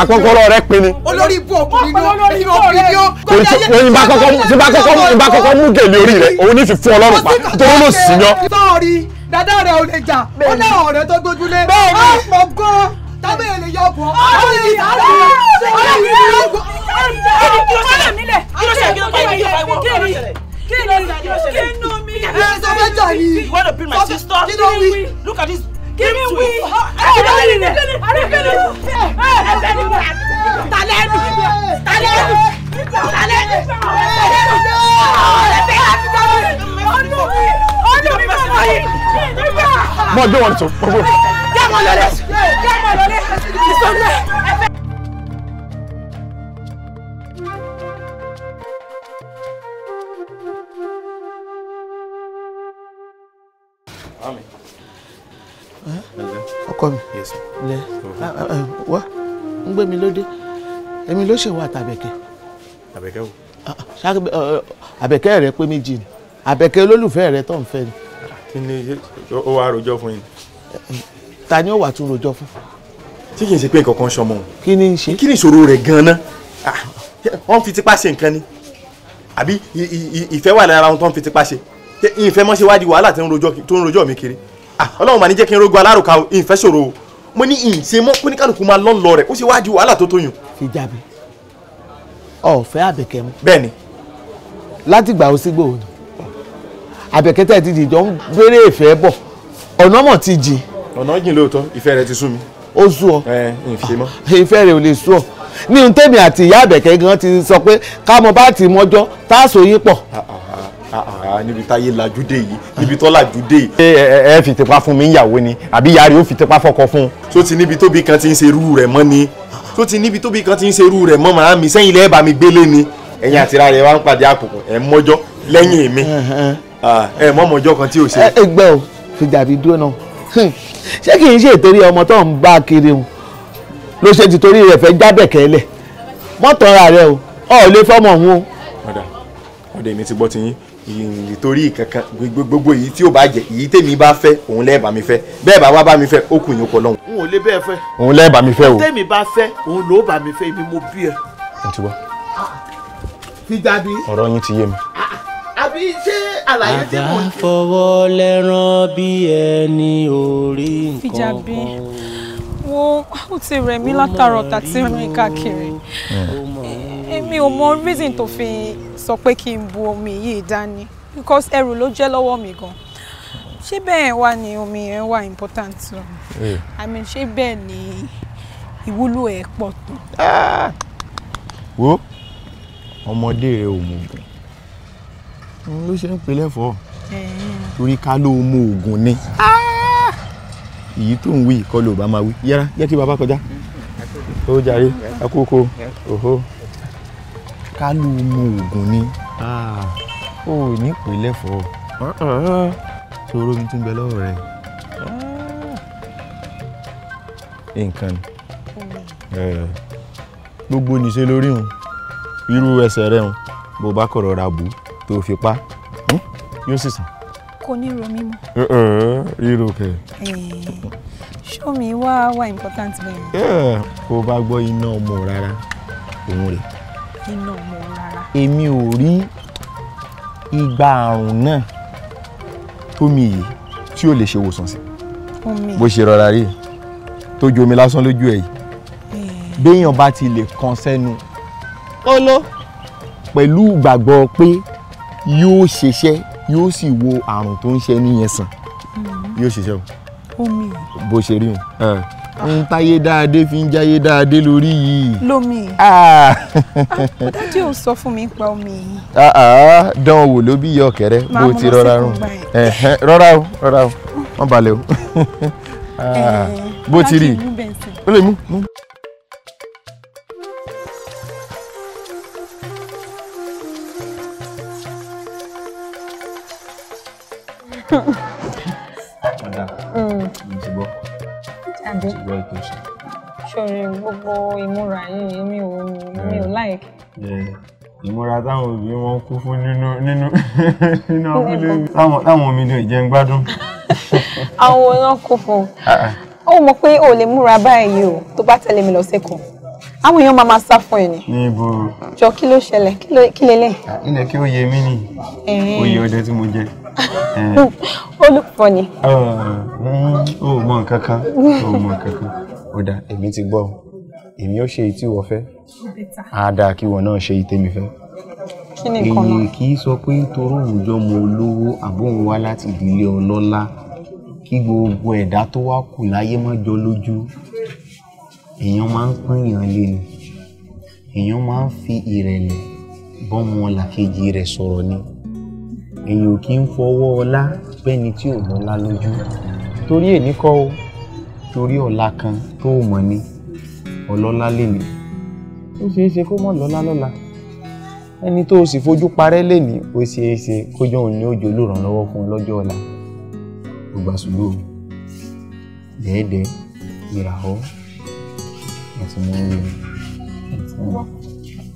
àkọ́kọ́rọ́ rẹ pin ni. olórí ibú ọkùnrin ni ó ọkùnrin ni ó. kò ní sọ ìbá kọ́kọ́ ìbá kọ́kọ́ ìbá kọ́kọ́ mú gèlè orí rẹ òun ní fi fún ọlọ́run pa torí ló sì yan. sọ́ọ̀rì dada rẹ̀ ò lè jà ó náà ọ̀rẹ́ tó gbójúlé. bẹ́ẹ̀ ni ah, tábẹ́ yẹn lè yọ bọ̀ ọ́ look at this Mom, don't want to. Come on, Come on, Lolis. Come on, Lolis. It's on there. ọkọ mi lẹ wá ń gbé mi lóde èmi ló ṣèwà àtàbẹ̀kẹ́ àbẹ̀kẹ́ rẹ pé méjì ni àbẹ̀kẹ́ olólùfẹ́ rẹ tó ń fẹ́ ni. kí ni ó wàá rojọ́ fún yín. ta ni ó wàá tún rojọ́ fún. tí kì í ṣe pé nǹkan kan ṣọmọ òun. kí ni ṣe. kí ni ìṣòro rẹ̀ gan-an ah, wọ́n fi tipa ṣe nǹkan ni àbí ìfẹ́ wà lára ohun tó ń fi tipa ṣe ìfẹ́ mọ́ ṣe wádìí wàhálà tó ń rojọ́ mi kiri ah, ọlọ́run mà ní jẹ́ kí n rogo alárùka o ìfẹ́ ṣòro o mo ní ìṣe mọ́ pé ní kálukú máa lọ́ọ́ lọ rẹ̀ ó ṣe wádìí wàhálà tó tóyún. fi jáde àbẹ̀kẹ́tẹ̀ ti dìjọ ń bèrè ìfẹ́ bọ̀ ọ̀nà mọ̀ ti jìn. ọ̀nà jìn lóòótọ́ ìfẹ́ rẹ ti sú mi. ó sú ọ ìfẹ́ rẹ ò lè sú ọ ní ohun tèmi àti ìyá àbẹ̀kẹ́ gan ti sọ pé ká mọ bá ti mọjọ́ tá a sòyìn pọ̀. níbi táyé lajú dé yìí níbi tó lajú dé yìí. ẹ ẹ fi tipa fún mi ìyàwó ni àbí ìyá rẹ ó fi tipa fọkọ fún un. tó ti níbi tóbi kan ti ń ṣerú rẹ̀ mọ́ ni tó ti níbi tóbi kan ti ń ṣerú rẹ̀ mọ́ màá mi sẹ́yìn lẹ́ẹ̀bà mi gbélé ni ẹ̀yin àtìrà rẹ̀ wá ń pàdé àpòkùn ẹ̀ mọ́jọ́ lẹ́yìn mi. Ah, ẹ mọ ọmọjọ kan tí o ṣe. ẹ gbẹ́ o fìjàbí dúró náà ṣé kì í ṣe ìtorí ọmọ tó ń bá kiri o ló ṣe ti torí rẹ̀ fẹ́ jábẹ̀ kẹ́lẹ̀ mọ́tò ara rẹ o ọ ò lè fọ́mọ òun o. ọ̀dà ọ̀dà èmi ti gbọ́ ti yín nítorí kankan gbogbo èyí tí ò bá jẹ èyí tèmi bá fẹ́ òun lẹ́ẹ̀bà mi fẹ́ bẹ́ẹ̀ bá wá bá mi fẹ́ ó kù yín kọ lọ́hùn. n ò lè bẹ́ẹ̀ fẹ́. òun lẹ́ẹ̀bà mi fẹ́ o. tèmi bá fẹ́ òun ló bá mi fẹ́ èmi mo bí ẹ. mo yín ti yé mi. Ah, àbí ṣé àlàyé tí mò ń ṣe. àbáfọwọ́ lẹ́ràn bí ẹni orí nǹkan kan. fìjàbí wo ó ti rẹ̀ mí látàrọ̀ tàti rìn káàkiri hmm. èmi ò mọ reason tó fi sọ pé kí n bu omi yìí dání because ẹrù ló jẹ́ lọ́wọ́ mi gan ṣé bẹ́ẹ̀ wà ní omi yẹn wà important o eh. i mean ṣé bẹ́ẹ̀ ni ìwúlò ẹ̀ pọ̀ tó. Ah! wo ọmọdé rẹ ò mọ̀ gan òun ló ṣe ń pè lẹ́fọ̀ọ́ torí ká ló mú oògùn ni ah! èyí tó ń wí kọ́ ló bá máa wí yára jẹ́ kí baba kọjá ó jàre àkókò òhó ká ló mú oògùn ni ah, ó ní pè lẹ́fọ̀ọ́ ṣòro uh-uh. mi tún bẹ lọ́wọ́ rẹ̀ ah. nǹkan gbogbo nìṣe lórí hun irú ẹsẹ̀ rẹ̀ hun bó bá kọ̀rọ̀ ra bù tó fi pa hm? yóò sì sàn. kò ní ro mímu. ríro kẹ. ṣó mi wá wá important bẹ́ẹ̀. kó o bá gbọ́ iná ọmọ rárá òun rẹ̀. iná ọmọ rárá. èmi ò rí igba àrùn náà tó mi yìí tí ò lè ṣe wòsàn sí. omi bó ṣe rọra rí tó ju omi lásán lójú ẹ yìí béèyàn bá ti lè kan sẹ́nu kóló pẹ̀lú ìgbàgbọ́ pé yóò ṣiṣẹ́ yóò sì wo àrùn tó ń ṣe níyẹn sàn hmm. yóò ṣiṣẹ́ o bó ṣe rí o ah. ah. n táyé dáadé fi ń jáyé dáadé lórí yìí. lómi. Ah. dájú ò sọ fún mi pa omi yìí. dán wò ló bí iyọ̀ kẹrẹ bó ti rọra rùn rọra o rọra o wọn balẹ̀ o eh, bó ti rí o lè mú. ọ̀dà mo ti gbọ́ mo ti gbọ́ ètò ìṣe. sori gbogbo ìmúra yìí mi ò mi ò like. ìmúra táwọn òbí wọn kú fún nínú nínú nínú abúlé táwọn omi lè jẹun gbádùn. àwọn náà kú fún ah, ah. ó mọ̀ pé o lè múra báyìí o tó bá tẹ̀lé mi lọ sẹ́kọ̀ọ́ àwọn èèyàn máa máa sá fún ẹ ni. níbo. jọ kí ló ṣẹlẹ̀ kí lélẹ̀. Ah, ilẹ̀ kí ó yẹ mí nìyí oyè ọdẹ tí mo jẹ ó eh. look funny. ó ah, mm, mọ nǹkan kan ó mọ nǹkan kan ó dà èmi ti gbọ́ èmi ó ṣe ìtí wọ́n fẹ́ á dáa kí wọn náà ṣe ìtẹ́mi fẹ́ èyí kì í sọ pé nítorí òwújọ́ mo lówó àbóhùn wá láti ìdílé ọlọ́lá kí gbogbo ẹ̀dá tó wá kù láyé má jọ lójú èèyàn máa ń pín èèyàn lé ni èèyàn máa ń fi ìrẹ̀lẹ̀ bọ́mọ làkejì rẹ̀ sọ̀rọ̀ ni èyí ò kí ń fọwọ́ ọlá bẹ́ni tí ò lọ́lá lójú torí èní kọ́ o torí ọ̀la kan tó mọ̀ ni ọlọ́lá lèmi ó ṣeé ṣe kó mọ̀ lọ́lá lọ́la ẹni tó o sì fojú parẹ́ lèmi ó ṣeé ṣe kójọ́ òun ni ó jẹ́ olùrànlọ́wọ́ fún un lọ́jọ́ ọ̀la gbogbo àṣùlù dẹ́ẹ̀dẹ́ ìràwọ̀ ẹ̀sìn mú mi ẹ̀sìn mú mi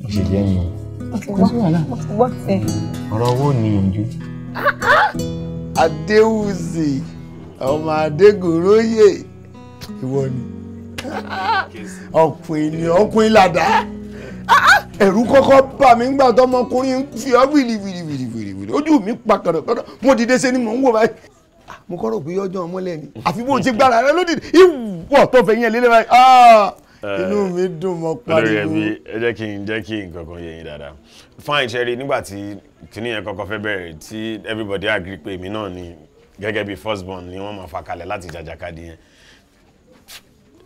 ó ṣe jẹ́ mi o ọ̀rọ̀ owó ni ìyànjú. adéwùzì ọmọ adégúnróyè ìwọ ni ọkùnrin ni ọkùnrin làdá ẹ̀rù kọ́kọ́ bà mí ńgbà tọmọkùnrin ń fi ọ́ wìlìwìlìwìlì ojú mi pa kàdàkàdà mo dìde ṣe ni mò ń wò báyìí ah, mo kọ́ rò pé ọjọ́ ọmọlẹ́ ni àfi bó ti gbára rẹ lódìdí ìwọ tó fẹ́ yẹn lélẹ́ báyìí. Ah! Eh, inú mi dùn mọ́ pariwo olórí ẹbí ẹ jẹ́ kí n jẹ́ kí nǹkan kan yé yín dáadáa fine ṣe rí nígbà tí kinní yẹn kọ́kọ́ fẹ́ bẹ̀rẹ̀ tí everybody agree pé èmi náà ni gẹ́gẹ́ bí first born ni wọ́n máa fà kalẹ̀ láti jàjàkadì yẹn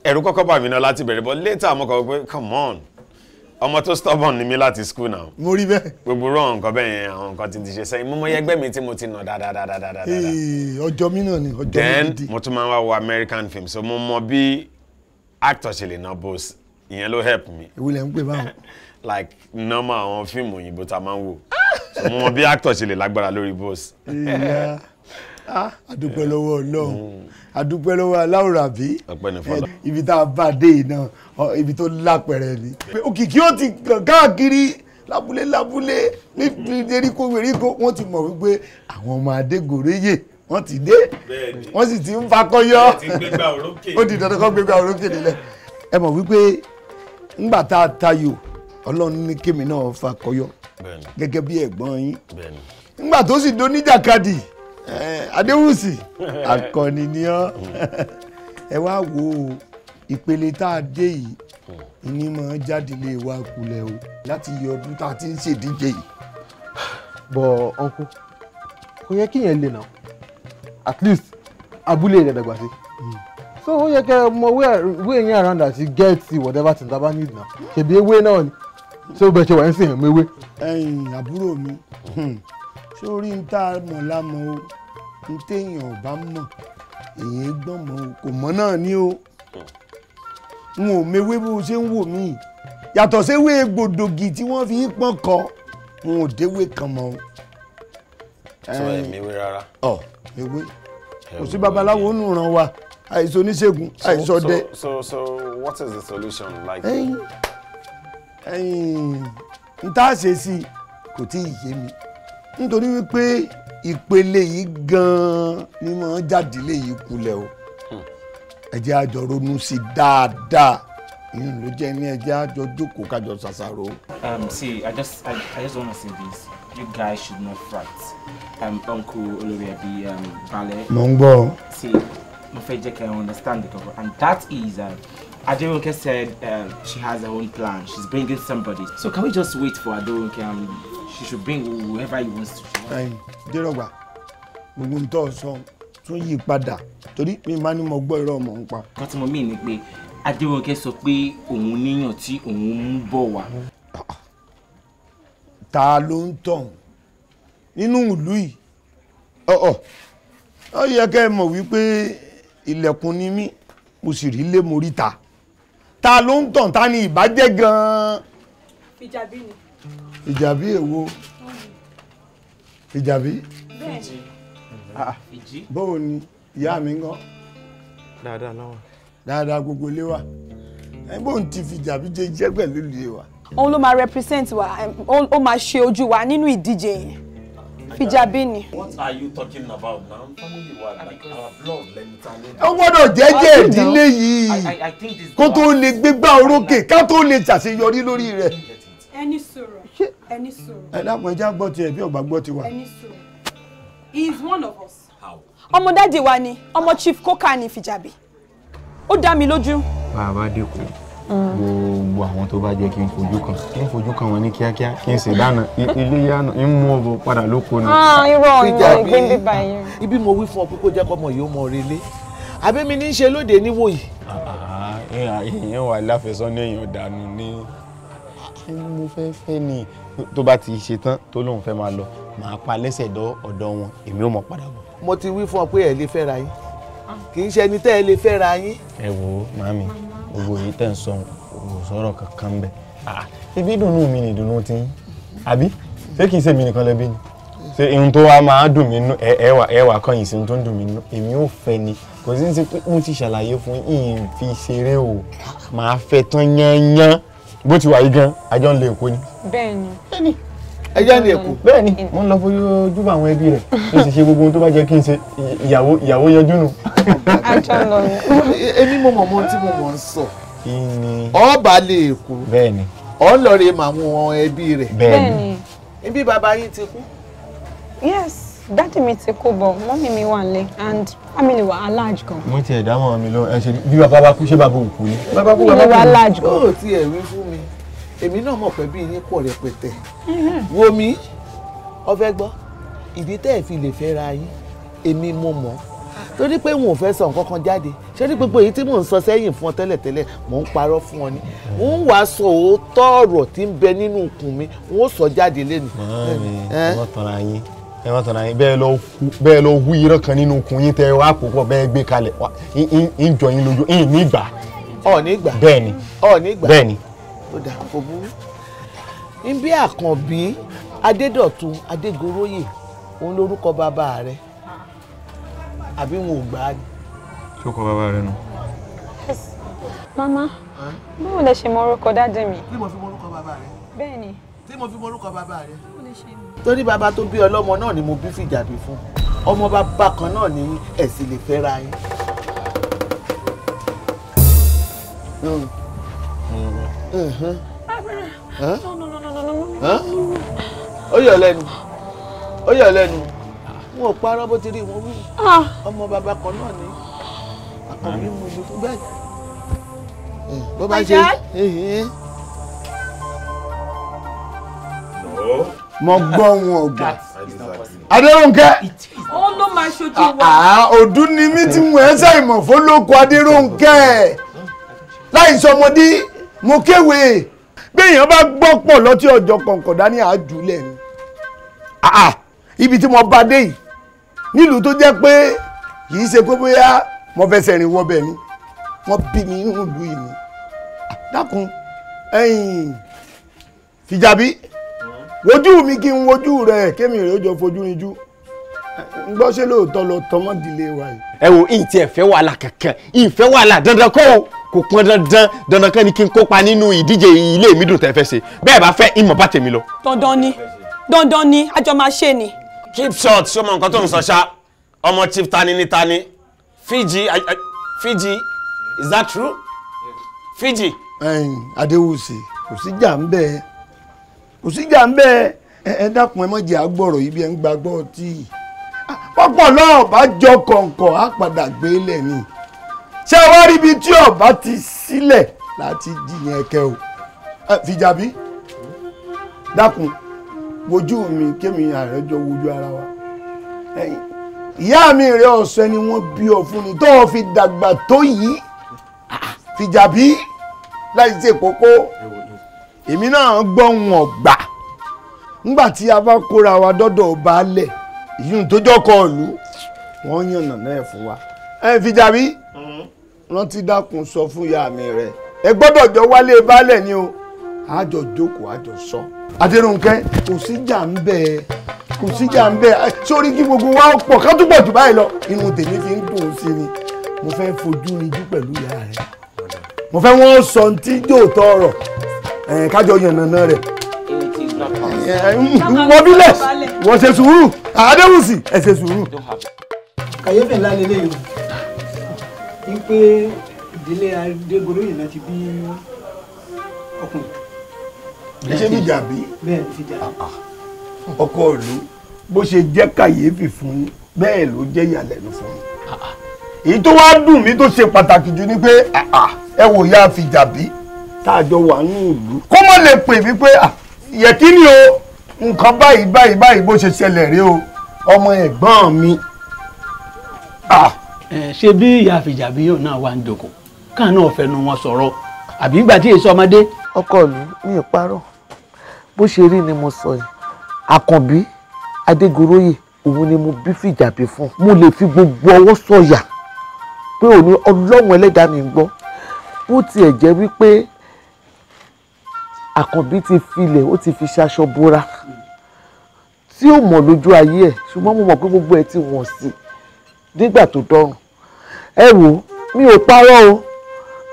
ẹ̀rù kọ́kọ́ bà mí náà láti bẹ̀rẹ̀ but later mo kọ̀ pé come on ọmọ tó stubborn ni mí láti school now. mo rí bẹ́ẹ̀. gbogbo rán nǹkan bẹ́ẹ̀ yẹn àwọn nǹkan ti di ṣe sẹ́yìn mo mọ ẹgbẹ́ mi tí mo ti nà dáadáadáa. ọjọ́ mi náà ni ọjọ́ mi di. then mo tún máa ń wá wo American film so mo mọ bí actor ṣe lè na boss ìyẹn ló help me. èwo lẹ ń pè báwọn. like normal àwọn fíìmù òyìnbó tá a máa ń wò so mo mọ bí actor ṣe lè lágbára lórí boss. àdúpẹ́ ah, lọ́wọ́ ọlọ́run àdúpẹ́ mm. lọ́wọ́ aláwòrábí eh, ibi tá a bá dé náà ibi tó lápẹ̀rẹ̀ ni. òkìkí ó ti kàn káàkiri lábúlé lábúlé ní eríkò eríkò wọ́n ti mọ̀ wípé àwọn ọmọ adégòrè yè wọ́n ti dé wọ́n sì ti ń fakọ́yọ́ ó di dandan kọ́ gbégbá orókè nílẹ̀ ẹ mọ̀ wípé ńgbà tá a tayò ọlọ́run ní kémi náà fakọ́yọ́ gẹ́gẹ́ bí ẹ̀gbọ́n yín ńgbà tó sì doníjàkadì adéwùsì akọni ni ọ́ ẹ wá wo ìpele tá a dé yìí hmm. ìní máa jáde lè wá kulẹ̀ o láti yọ ọdún tá a ti ń ṣèdíje yìí. bọ̀ ọ̀nkú kò yẹ kíyẹn lè nà at least abúlé rẹ̀ dàgbà sí hmm. so ó yẹ kẹ́ mọ way yẹn around you get see whatever things that taba need now. ṣèbí ewé náà ni ṣé o bẹ ṣe wà ń sìn ẹ̀mọ ewé. ẹ̀yin àbúrò mi sórí ń tá a mọ̀ lámọ̀ o ń téèyàn ò bá mọ̀ èyí gbọ́n mọ̀ o kò mọ̀ náà ni o n ò mewé bó ṣe ń wò mí yàtọ̀ séwé gbòdògì tí wọ́n fi pọ́n kọ n ò déwé kan mọ́ o. sọ èmi wé rárá ewé kò babaláwo nù ràn wá àìsàn oníṣègùn àìsàn ọdẹ. so so what is the solution like. ẹyin ẹyin n tá a ṣe sí kò tí ì yé mi nítorí wípé ìpele yìí gan-an ni mo jáde léyìí kulẹ̀ o hmm. ẹ jẹ́ a jọ ronú sí i dáadáa ìyẹn ló jẹ́ ní ẹ jẹ́ a jọ jókòó ká jọ ṣàṣàrò. um see i just i, I just wanna say this you guys should not fight. Um, Uncle Oluwebi um, Bale. Mongbo. See, can understand the over. And that is, uh, Aderonke said uh, she has her own plan. She's bringing somebody. So can we just wait for Aderonke and um, she should bring whoever he wants to. Dérọ̀gbà, we ń tọ́ some tún yí padà torí mi máa ní mo gbọ́ irọ́ ọmọ ń pa. Kọ́tí mo mí ni pé Adéwọ̀nkẹ́ sọ pé òun níyàn tí òun ń bọ̀ wá. Ah, ah ta ló ń tàn nínú ìlú yìí ọ̀ọ̀ ó yẹ kẹ́ ẹ mọ̀ wípé ilẹ̀kùn ni mí mo sì rí lé mo rí ta ta ló ń tàn ta ni ìbàjẹ́ gan-an. ìjàbí ni. ìjàbí èwo ìjàbí. bẹ́ẹ̀ni. Ah, ah, báwo ni ìyá mi ń gan. dáadáa lọ́wọ́. dáadáa gbogbo ilé wa ẹ bóun ti fi ìjàbí jẹ jẹ́ pẹ̀lú ilé wa òun ló máa represent wa ó máa ṣe ojú wa nínú ìdíje yẹn fijabini. what are you talking about now family wa like our blood lẹ́nìtanì. ó gbọ́dọ̀ jẹ́jẹ́ ìdílé yìí kó tó lè gbégbá orókè ká tó lè ṣàṣeyọrí lórí rẹ̀. ẹni sọ̀rọ̀ ẹni sọ̀rọ̀. ẹ dákun ẹja gbọ́ tiẹ̀ bí ọ̀gbà gbọ́ tiwa. ẹni sọ̀rọ̀ he is one of us. ọmọ dáàdì wa ni ọmọ chief koka ni fijabi ó dá mi lójú. bàbá dẹkùn wo mm gbogbo àwọn tó bá jẹ́ kí n fojú kan kí n fojú kan wọn ní kíákíá kí n sì dáná ilé yáná ń mú ọbọ padà lóko ni. Ah, irọ́ ìwọ ìgbé ń bíbá yẹn. ibi mo wí fún ọ pé kó jẹ́ kọ́mọ yìí ó mọ relé àbẹ́mi ní í ṣe lóde níwò yìí. ìyẹn ah, wà ah, eh, eh, eh, láfẹsọ́nà èèyàn dànù ni mo fẹ́ fẹ́ ni tó bá ti ṣe tán tó lóun fẹ́ máa lọ màá pa lẹ́sẹ̀ dọ́ ọ̀dọ̀ wọn èmi ò mọ̀ padà bọ̀. mo ti wí fún ọ pé ẹ lè fẹ́ra yín kì í ṣe ẹni tẹ́ ẹ lè fẹ́ra yín. ẹ wo màmí gbogbo èyí tẹ́ ń sọ mo sọ̀rọ̀ kankan bẹ́ẹ̀ ibi ah. ah, ìdùnnú mi ni ìdùnnú ti ń àbí ṣé kìí ṣe mi nìkan lẹ́bí ni ṣe irun tó wá máa dùn mí nú ẹwà ẹwà kan yìí sí tó ń dùn mí nú èmi ò fẹ́ ni kò sí ṣe pé mo ti ṣàlàyé fún yìnyín fi ṣeré o màá fẹ́ tán yányán bó ti wà yí gan ajọ ń lọ èkó ni. bẹ́ẹ̀ni bẹ́ẹ̀ni ẹjẹ ní èkó. bẹ́ẹ̀ni mo ń lọ fojú ojú bá àwọn ẹbí rẹ mo sì ṣe gbogbo ohun tó bá jẹ kí n ṣe ìyàwó ìyàwó yanjú nù. ajọ lọ ni. èmi mo mọ̀ mọ́ tí mo mọ̀ ń sọ ọba lè kú ọlọrẹ màwọn ẹbí rẹ bẹ́ẹ̀ni ibi bàbá yín ti kú. yes dádì mi ti kú bọ̀ mọ́mì mi wà lé and family wa large gan. mo ti ẹ̀dá mọ́ mi lọ ẹ ṣe bí bàbá bá kú ṣé bàbá òkú ni. Baba, kú bàbá kú large gan. ó ti ẹ̀ wí fún mi èmi náà mọ̀ pé bí yín pọ̀ rẹpẹtẹ mm-hmm. wo mi o fẹ́ gbọ́ ìdí tẹ́ ẹ̀ fi lè fẹ́ ra yín èmi mo mọ̀ torí pé wọn ò fẹ́ sọ nǹkan kan jáde ṣé ní gbogbo èyí tí mò ń sọ sẹ́yìn fún ọ tẹ́lẹ̀tẹ́lẹ̀ mò ń parọ́ fún ọ ni ń wàá sọ òótọ́ ọ̀rọ̀ tí ń bẹ nínú ikùn mi n ó sọ jáde lẹ́nu. ẹ má tọ́ra yín bẹ́ẹ̀ lọ hu irọ́ kan nínú ikùn yín tẹ́ wá pòpọ̀ bẹ́ẹ̀ gbé kalẹ̀ ń jọ yín lójú ń ní ọ ní bẹ́ẹ̀ ni bẹ́ẹ̀ ni. ó dà kó burú ń bí àkànbí adédọ̀tun adégoróyè òun lórúkọ bàbá rẹ̀ àbí wọn ò gbà á ni ṣókọ bàbá rẹ nù. mama báwo lẹ ṣe mọ orúkọ dáàdì mi. bí mo fi mọ orúkọ bàbá rẹ. bẹ́ẹ̀ ni. tí mo fi mọ orúkọ bàbá rẹ. báwo lẹ ṣe mọ. torí bàbá tó bí ọlọ́mọ náà ni mo bí fìjàbí fún ọmọ bàbá kan náà ni ẹ̀sìn lè fẹ́ ra yín. ó yọ lẹ́nu ó yọ lẹ́nu wọn ò parọ́ bó ti rí wọn wí ah. ọmọ bàbá kan náà ni àkànbí mo lò tó gbẹ. Eh, bó bá ṣe. Eh, eh. mo gbọ́ wọn ọ̀gbà adéròǹkẹ́. ó ló máa ṣojú wa. ọdún ah, ah, ni mí ti mú ẹ sẹ́yìn mọ̀ fọlọ́kọ adéròǹkẹ́ láì sọmọdé mo kéwèé béèyàn bá gbọ́ pọ̀ lọ́tí ọjọ́ kọ̀ǹkọ̀ dání àjùlẹ̀ ni ah, ibi tí mo bá dé yìí nílùú tó jẹ́ pé kì í ṣe pé bóyá mo fẹsẹ̀ rìn wọ bẹ́ẹ̀ ni wọ́n bí mi nínú ìlú yìí ni dákun ẹ̀yìn tìjàbí wojú mi kí n wojú rẹ kémi rẹ ó jọ fojú rinjú n gbọ́ ṣe lóòótọ́ lọ tọmọdìlé wa yìí. ẹ wo ìtì ẹ̀fẹ́ wàhálà kankan ìfẹ́ wàhálà dandan kọ́ o kò pọn dandan dandan kan ni kí n kópa nínú ìdíje ilé mi dùn tẹ́ fẹ́ ṣe bẹ́ẹ̀ bá fẹ́ ìmọ̀ bá tèmi lọ. dandan ni dandan ni a jọ máa ṣe ni. keep short ṣọmọ nǹkan tó ń sọ ṣá ọmọ chief tani ní tani Fiji, I, I, Fiji, is that true? Fiji. Adéwùsì, kò sí jà ń bẹ́ẹ̀. Kò sí jà ń bẹ́ẹ̀. Ẹ dákun ẹ mọ̀ jẹ́ agbọ̀rọ̀ yìí bí ẹ ń gbagbọ́ tí. Pọ́pọ̀ náà bá jọ kọ̀ǹkọ̀ á padà gbé lẹ̀ ni. Ṣé ẹ wá rí ibi tí ọ̀bá ti sílẹ̀ láti jiyàn ẹ̀kẹ́ o? Fìjàbí, dákun, wojú mi kémi àrẹ́jọ wojú ara wa ìyá mi rẹ ọ̀sẹ̀ ni wọ́n bí ọ fún ni tó o fi dàgbà tó yìí fìjàbí láì ṣe kókó èmi náà gbọ́ wọn gbà ńgbà tí a bá kóra wa dọ́dọ̀ baálẹ̀ ìyún tó jọ́kọ̀ ìlú wọ́n yànnà náà fún wa ẹ fìjàbí rántí dákun sọ fún ìyá mi rẹ ẹ gbọ́dọ̀ jọ wálé baálẹ̀ ni o àjọ jókòó àjọ sọ adéròǹkẹ́ kò síjà ń bẹ́ẹ̀ kò síjà ń bẹ sórí kí gbogbo wa pọ̀ ká túbọ̀ jù báyìí lọ inú tèmi fi ń dùn sí ni mo fẹ́ fojú rinjú pẹ̀lú ìyá rẹ mo fẹ́ wọ́n sọ tí yóò tọ́ ọ̀rọ̀ kájọ yànnàná rẹ̀ wọ́n bílẹ̀ wọ́n ṣe sùúrù àdéhùnsì ẹ̀ ṣe sùúrù. kàyéfì ńlá lélẹ́yìn o ní pé ìdílé adégoróyè náà ti bí ọkùnrin. ẹ ṣe fìjà bí. bẹ́ẹ̀ fìjà. Ah, ah ọkọ ìlú bó ṣe jẹ́ kàyéfì fún yín bẹ́ẹ̀ ló jẹ́ ìyàlẹ́nu fún yín ah, ah. èyí tó wá dùn mí tó ṣe pàtàkì jù ni pé ah, ẹ wò ya fìjàbí tá a jọ wà ní ìlú kó mọ̀ lè pè mí pé yẹ̀kí ni o nǹkan báyìí báyìí báyìí bó ṣe ṣẹlẹ̀ rí o ọmọ ẹ̀gbọ́n mi. ṣé bí ìyá fìjàbí yóò náà wá ń jòkó káà náà fẹnu wọn sọ̀rọ̀ àbí ìgbà tí èso ọmọdé. ọkọ ìlú mi ò parọ́ bó ṣe rí ni mo sọ yìí àkànbí adégoróyè òun ni mo bí fìjàbí fún mo lè fi gbogbo ọwọ́ sọ̀yà pé òní ọlọ́run ẹlẹ́dàá mi ń gbọ́ bó tiẹ̀ jẹ́ wípé àkànbí ti filẹ̀ ó ti fi ṣaṣọ bóra tí ó mọ̀ lójú ayé ẹ̀ ṣùgbọ́n mo mọ̀ pé gbogbo ẹ̀ ti wọ̀n sí nígbà tó dọ́rùn ẹ wò mi ò parọ́ o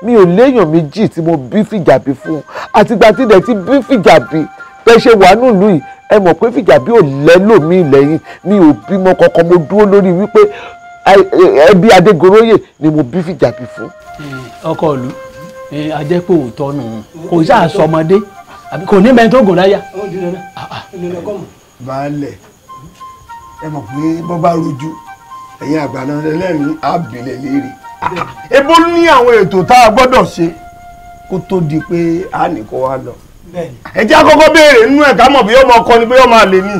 mi ò léèyàn méjì tí mo bí fìjàbí fún àtìgbà tí dẹ̀ ti bí fìjàbí bẹ́ẹ̀ ṣe wà nílùú yìí ẹ mọ̀ pé fìjà bí ò lẹ́lòmíì lẹ́yìn mi ò bímọ kankan mo dúró lórí wípé ẹbí adégoróyè ni mo bí fìjà bí fún. ọkọ ìlú ajẹ́pẹ́ òótọ́ nù kò sáà sọmọdé kò ní mẹ́tò gùn láyà. Ah, ah. baálẹ̀ ẹ mọ̀ pé bọ́ bá rojú ẹ̀yin àgbà náà lẹ́rìn ábìlẹ̀ léèrè. ebó ah, ní àwọn ètò tá a gbọ́dọ̀ ṣe kó tó di pé a nìkan wá lọ ẹ jẹ́ àkọ́kọ́ béèrè nínú ẹ̀ ká mọ̀ bí ọmọ ọkọ ni bí ọmọ àlè ni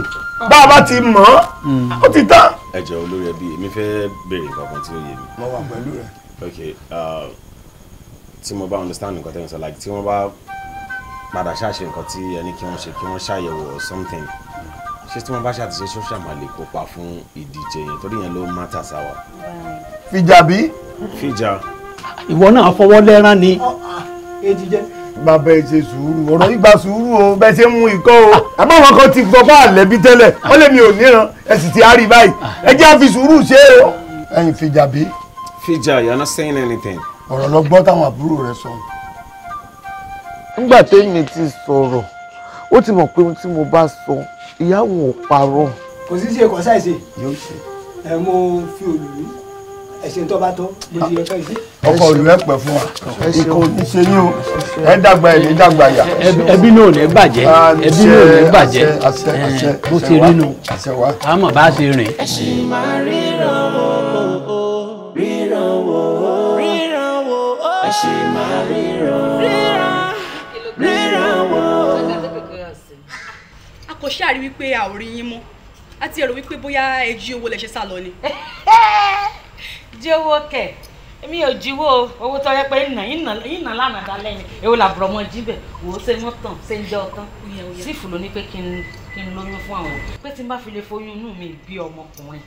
bá a bá ti mọ̀ ọ́ ó ti tán. ẹ jẹ́ olórí ẹbí èmi fẹ́ béèrè kankan tí ó yé mi. mo wà pẹ̀lú rẹ. tí mo bá understand nǹkan tẹ́yìn sọ like tí wọ́n bá padà ṣàṣe nǹkan tí ẹni kí wọ́n ṣe kí wọ́n ṣàyẹ̀wò or something ṣé tí wọ́n bá ṣàtúnṣe social media lè kópa fún ìdíje yẹn torí yẹn ló matter sáwà. fìjà bí. fìjà. ìwọ náà fọwọ́ lẹ́rán ni. èjì jẹ́ bàbá ẹ ṣe sùúrù ọ̀rọ̀ ìgbà sùúrù o bẹ́ẹ̀ ṣe ń mú ikọ́ o àmọ́ àwọn kan ti gbọ́ bá àlẹ́bí tẹ́lẹ̀ ó lè mi ò níran ẹ sì ti árí báyìí ẹ jẹ́ àfi sùúrù ṣe é o. ẹyin fìjà bí. fìjà you are not saying anything. ọ̀rọ̀ lọ gbọ́ táwọn àbúrò rẹ sọ. nígbà téèyàn ti sọ̀rọ̀ ó ti mọ̀ pé ohun tí mo bá sọ ìyàwó ò parọ́. kò sí ṣe kò ẹ̀sìn tó bá tó bó ti yẹ ká ẹ̀sìn. ọkọ olùwẹ̀ fún wa ikọ̀ òní ṣe ní o ẹ dàgbà ẹ̀ ní dàgbà yà. ẹbí náà ò ní bàjẹ́ ẹbí náà ò ní bàjẹ́ bó ti rí nu àmọ́ bá ti rìn. a kò ṣáà wípé a ò rí yín mọ́ a ti wípé bóyá ẹ jí owó lẹ ṣe sá lọ ni. jí owó kẹ̀ èmi ò jíwó owó tó yẹ pé ìnà ìnà ìnà lánàá dalẹ̀ ni èwo làbùrọ̀ mọ́ jíbẹ̀ wò ó ṣe mọ́ tàn ṣe ń jẹ́ ọtán sífù ló ní pé kí n kí n lóyún fún àwọn pé tí n bá fi lè foyún inú mi bí ọmọkùnrin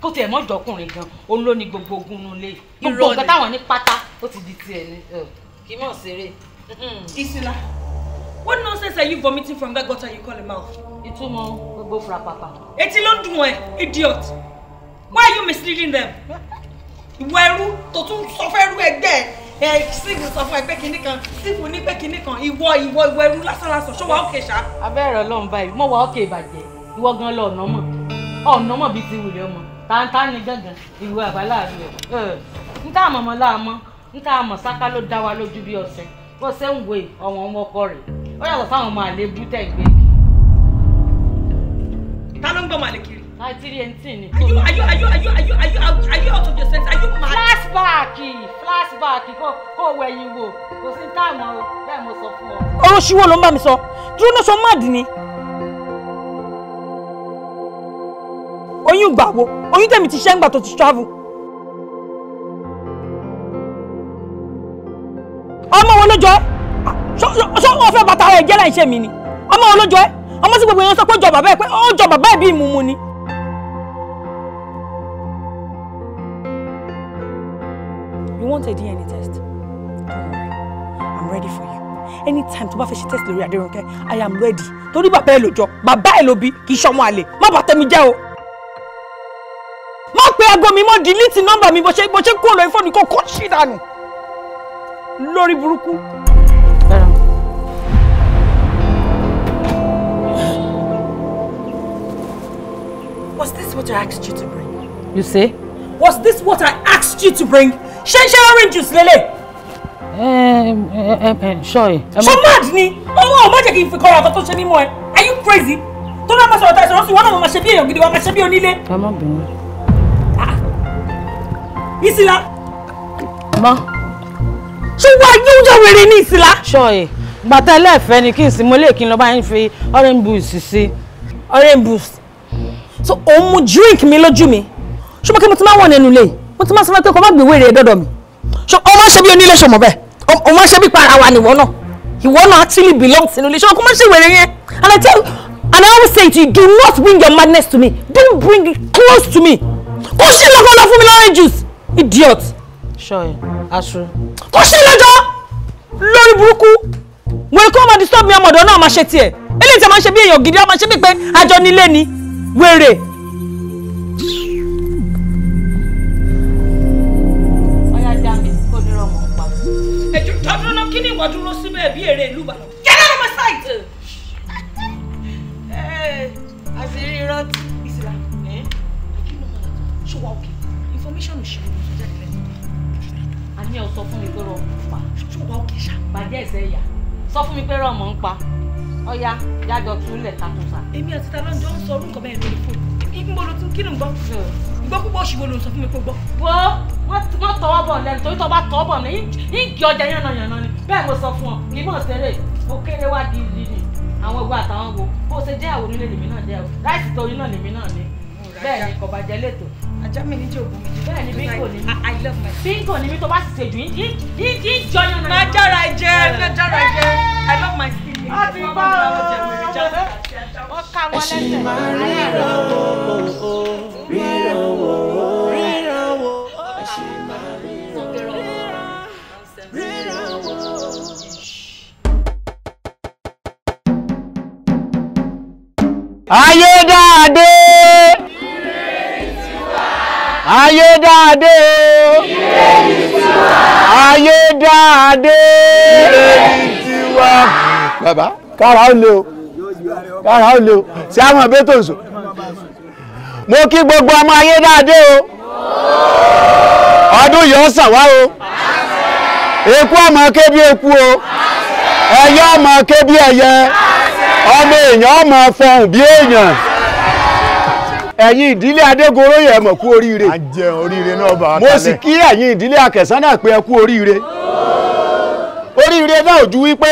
kó tiẹ̀ mọ́ jọkùnrin gan òun ló ní gbogbo ogun inú ilé gbogbo nǹkan táwọn ní pátá ó ti di tiẹ̀ ni kì í mọ̀ ṣeré. Isila, what nonsense are you vomiting from that gutter you call a mouth? ìtumọ̀ gbogbo fura pàpà. etí ló ń dùn ẹ idiot why are you misleading them? ìwọ ẹrú tó tún sọ fẹ́ rú ẹgbẹ́ ẹ sígun sọ fún ẹgbẹ́ kinní kan sígun ní pé kinní kan ìwọ ìwọ ìwọ ẹrú lásánlásán ṣó wà ókè ṣá. abẹ́rẹ́ ọlọ́run báyìí mọ̀ wá ókè ìbàjẹ́ ìwọ gan lọ ọ̀nà mọ̀ ọ̀nà mọ̀ bíi ti wùlé ọmọ táńtá ni gángan ìwé àbáláàrin ẹ̀ ń tá àmọ̀mọ́ láàmọ́ ń tá àmọ̀ sáká ló dá wa lójú bí ọ̀sẹ̀ bó ṣe ń wé ọ̀wọ̀n ọmọ ọkọ rẹ̀ ó yàtọ̀ sáwọn ọmọ àlébù tẹ̀ gbé. ta ló ń gbọ́ màlè àìtírí ẹ̀ ń tì ní. are you are you are you are you are you are you out of your sense are you mad. flashback flashback kò kò wẹ̀yìn wò kò sí táàmù o bẹ́ẹ̀ mo sọ fún ọ. ọ̀rọ̀ ṣíwó ló ń bá mi sọ dúró náà sọ máàdì ni. oyún gbà wo oyún tèmi ti ṣẹ́ ń gbà tó ti travel. ọmọ wo ló jọ ẹ́ ah, ṣọ́ wọn fẹ́ bàtà ara ẹ̀ jẹ́ láì ṣe mí ni ọmọ wo ló jọ ẹ́ ọmọ sí gbogbo èèyàn sọ pé ó jọ bàbá ẹ̀ pé ó jọ bàbá ẹ̀ bí ìmùmù ni. You want a DNA test? Don't worry, I'm ready for you. Anytime tó bá fẹ́ ṣe test lórí Adérónkẹ́, I am ready. Torí bàbá ẹ lòjọ, bàbá ẹ lòbí, kì í ṣọmọ Ma Má bàtẹ́ mi jẹ́ pe aago mi mọ́ delete nọ́mbà mi bó ṣe bó ṣe kúrò lórí fóònù kó kó ṣì dànù. Was this what I asked you to bring? You say? Was this what I asked you to bring? ṣé ṣé orange juice lélẹ̀. ṣọ́ọ̀yì. ṣó mad ni ọwọ́ ò má jẹ́ kí n fi kọ́ra ọ̀tọ̀ tó ṣe mímọ́ ẹ are you crazy tó náà máa sọ̀rọ̀ tá a sọ̀rọ̀ sí wọn náà máa ṣe bí èèyàn gidi wọn máa ṣe bí onílé. ẹ má bínú. Ah. ìsìlá. mọ. ṣé wàá yí oúnjẹ wèrè ní ìsìlá. ṣọ́ọ̀yì gbàtà ẹlẹ́ẹ̀fẹ́ ni kí n sì mo lè kí n lọ bá yín fi orange juice. sí. orange juice. so òun mu drink mi lójú mi ṣùgbọ́n kí mo ti máa wọ̀ nínú ilé mo ti máa sọ fún ẹ pé kó má gbé wèrè dọ́dọ̀ mi o máa ṣe bí onílé ṣọmọ bẹ́ẹ̀ o máa ṣe bí para wa nìwọ náà actually belong to ilé ṣọmọ kó má ṣe wèrè yẹn and I tell and I always say to you do not bring your madness to me don't bring it close to me kò sí lọ́kọ́ lọ fún mi lọ́rẹ́ juice idiot. sure aṣọ. kò sí lọ́jọ́ lórí burúkú wèrè kó máa disturb mi ọmọdé náà máa ṣe tiẹ̀ eléyìí tí a máa ṣe bí èèyàn gidi a máa ṣe bí pé àjọ nílé ni wèrè. kí ni ìwọ dúró síbẹ̀ bí èrè ìlú Ìbàdàn get out of my sight. àṣírí eh, irọ́ tí ìsìlá ṣó eh? wà òkè information ṣe ní ọ sọ fún mi pé rọmọ ń pa. ṣùgbọ́n kì í ṣá. bàjẹ́ ìṣe ìyá sọ fún mi pé rọmọ ń pa ọ̀ya jájọ túlẹ̀ tàtúnṣà. èmi àti ta lọ́njọ́ ń sọ orúkọ bẹ́ẹ̀ lórí fóònù ibi mo lo ti kí ni gbọ́. gbọ́ púpọ̀ ṣì wo ló ń sọ fún mi pé gbọ́. wọ́n tọwọ́ bọ̀ lẹ́nu torí tọ́ bá tọwọ́ bọ̀ lẹ́nu yín kí ọjà bẹ́ẹ̀ mo sọ fún ọ kì mọ̀ tẹ́lẹ̀ mo kéré wá di ìlú ni àwọn ewu àtàwọn wo bó ṣe jẹ́ àwọn onílé lèmi náà jẹ́ o láìsí torí náà lèmi náà ni bẹ́ẹ̀ ni kò bàjẹ́ lẹ́tọ̀. ajá mi ní jòògùn mi. bẹ́ẹ̀ ni bíngò ni mí bíngò ni mí tó bá sì jù yín yín jọyàn náà. májára jẹ májára jẹ i love my skin. a ti bá ọ wọ́n ká wọn lẹ́sẹ̀. ẹ ṣì máa ríro ríro. ayédáadé ayédáadé ayédáadé bàbá kára ó lé o kára ó lé o sí àwọn ẹbí tó zò mo kí gbogbo ọmọ ayédáadé o ọdún yóò sàn wá o èkú ọmọ kébí èkú o ẹyẹ ọmọ kébí ẹyẹ. ọmọ èèyàn ọmọ fọhùn bí èèyàn ẹ̀yìn ìdílé adégoróyè ẹ mọ̀ kú oríire mo sì kí ẹ̀yin ìdílé akẹ̀sán pé ẹ kú oríire oríire náà ju wípé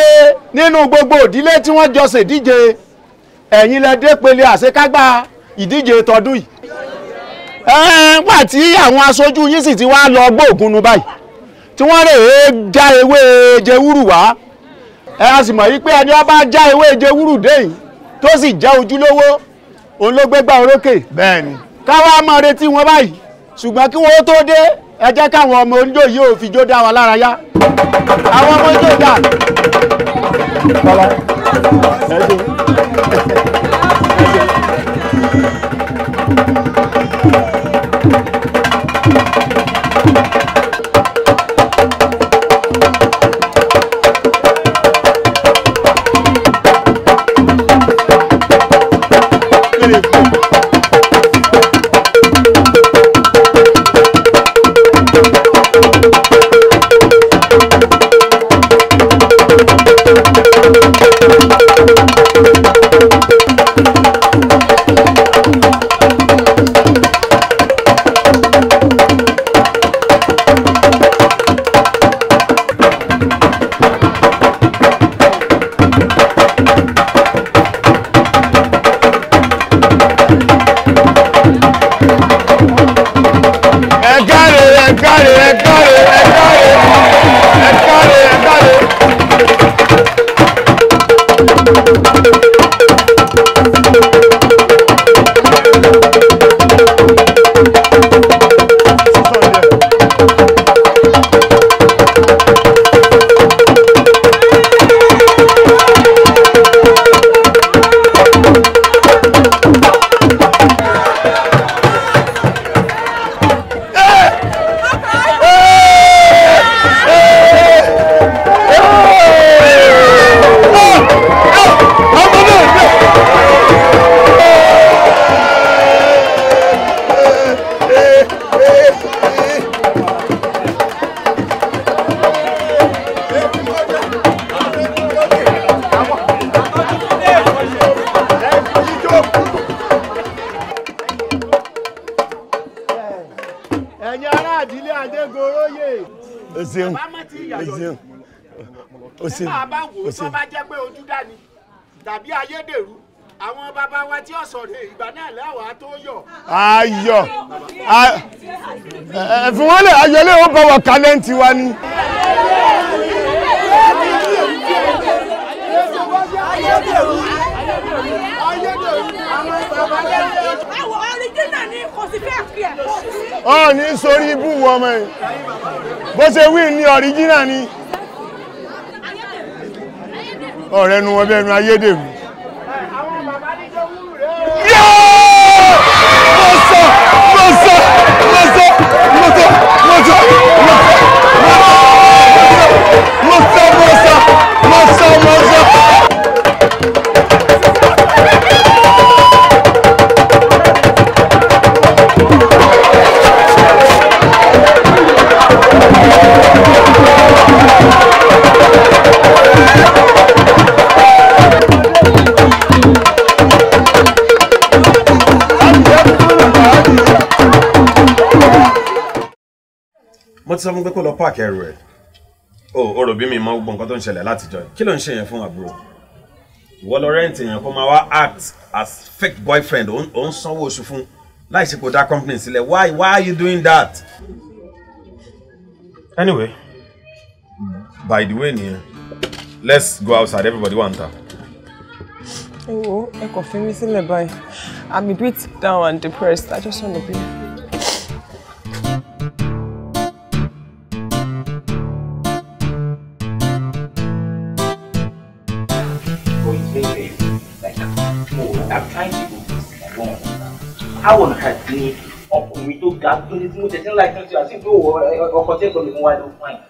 nínú gbogbo ìdílé tí wọ́n jọ pele àṣekágbá ìdíje tọdún yìí nígbà tí àwọn aṣojú sì ti wá lọ gbóògùn nu báyìí tí wọ́n rè é já ẹ a sì mọ̀ yí pé ẹni ọba já ewé eje wúrúdé yìí tó sì jẹ́ ojúlówó òun ló gbégbá orókè. bẹ́ẹ̀ni. káwa máa retí wọn báyìí ṣùgbọ́n kí wọ́n tó dé ẹ jẹ́ káwọn ọmọ oníjó yìí ò fi jó dá wa lára yá. àwọn ọmọ dà. bá wò ó tó bá jẹ́ pé ojú dání tàbí ayédèrú àwọn bàbá wa tí ọ̀sọ̀ rẹ̀ ìgbà náà láwàá tó yọ̀. ayọ̀ ẹ̀fún wọn lè ayọ̀lé ó bọ̀ wọ̀ kálẹ́ǹtì wa ni. ó ní sórí ibú wọ ọmọ yìí bó ṣe wí ní ọ̀ríjínà ni. ọ̀rẹ́ nu wọn bẹ́ẹ̀ nu ayédèrú sọ fún pé kó lọ páàkì ẹrù ẹ̀ o ò rò bí mi mọ gbogbo nǹkan tó ń ṣẹlẹ̀ látijọ́ kí ló ń ṣe yẹn fún àbúrò ìwọ lọ rẹ́ǹtì èèyàn kó máa wá act as fake boyfriend ò ń sanwó oṣù fún láì ṣe kó dá company sílẹ̀ why why are you doing that. anyway by the way nìyẹn let's go outside everybody wan ta. ẹ wo ẹ kàn fi mí sílẹ̀ báyìí i'm a bit down and depressed i just wanna be. àwọn nǹkan ní ọkùnrin tó ga tó ní tí mo tẹ̀sí ńlá ìtọ́jú àti ìgbé òwò ọkọ̀ tí ẹ̀kọ́ mi wá ló fún ẹ̀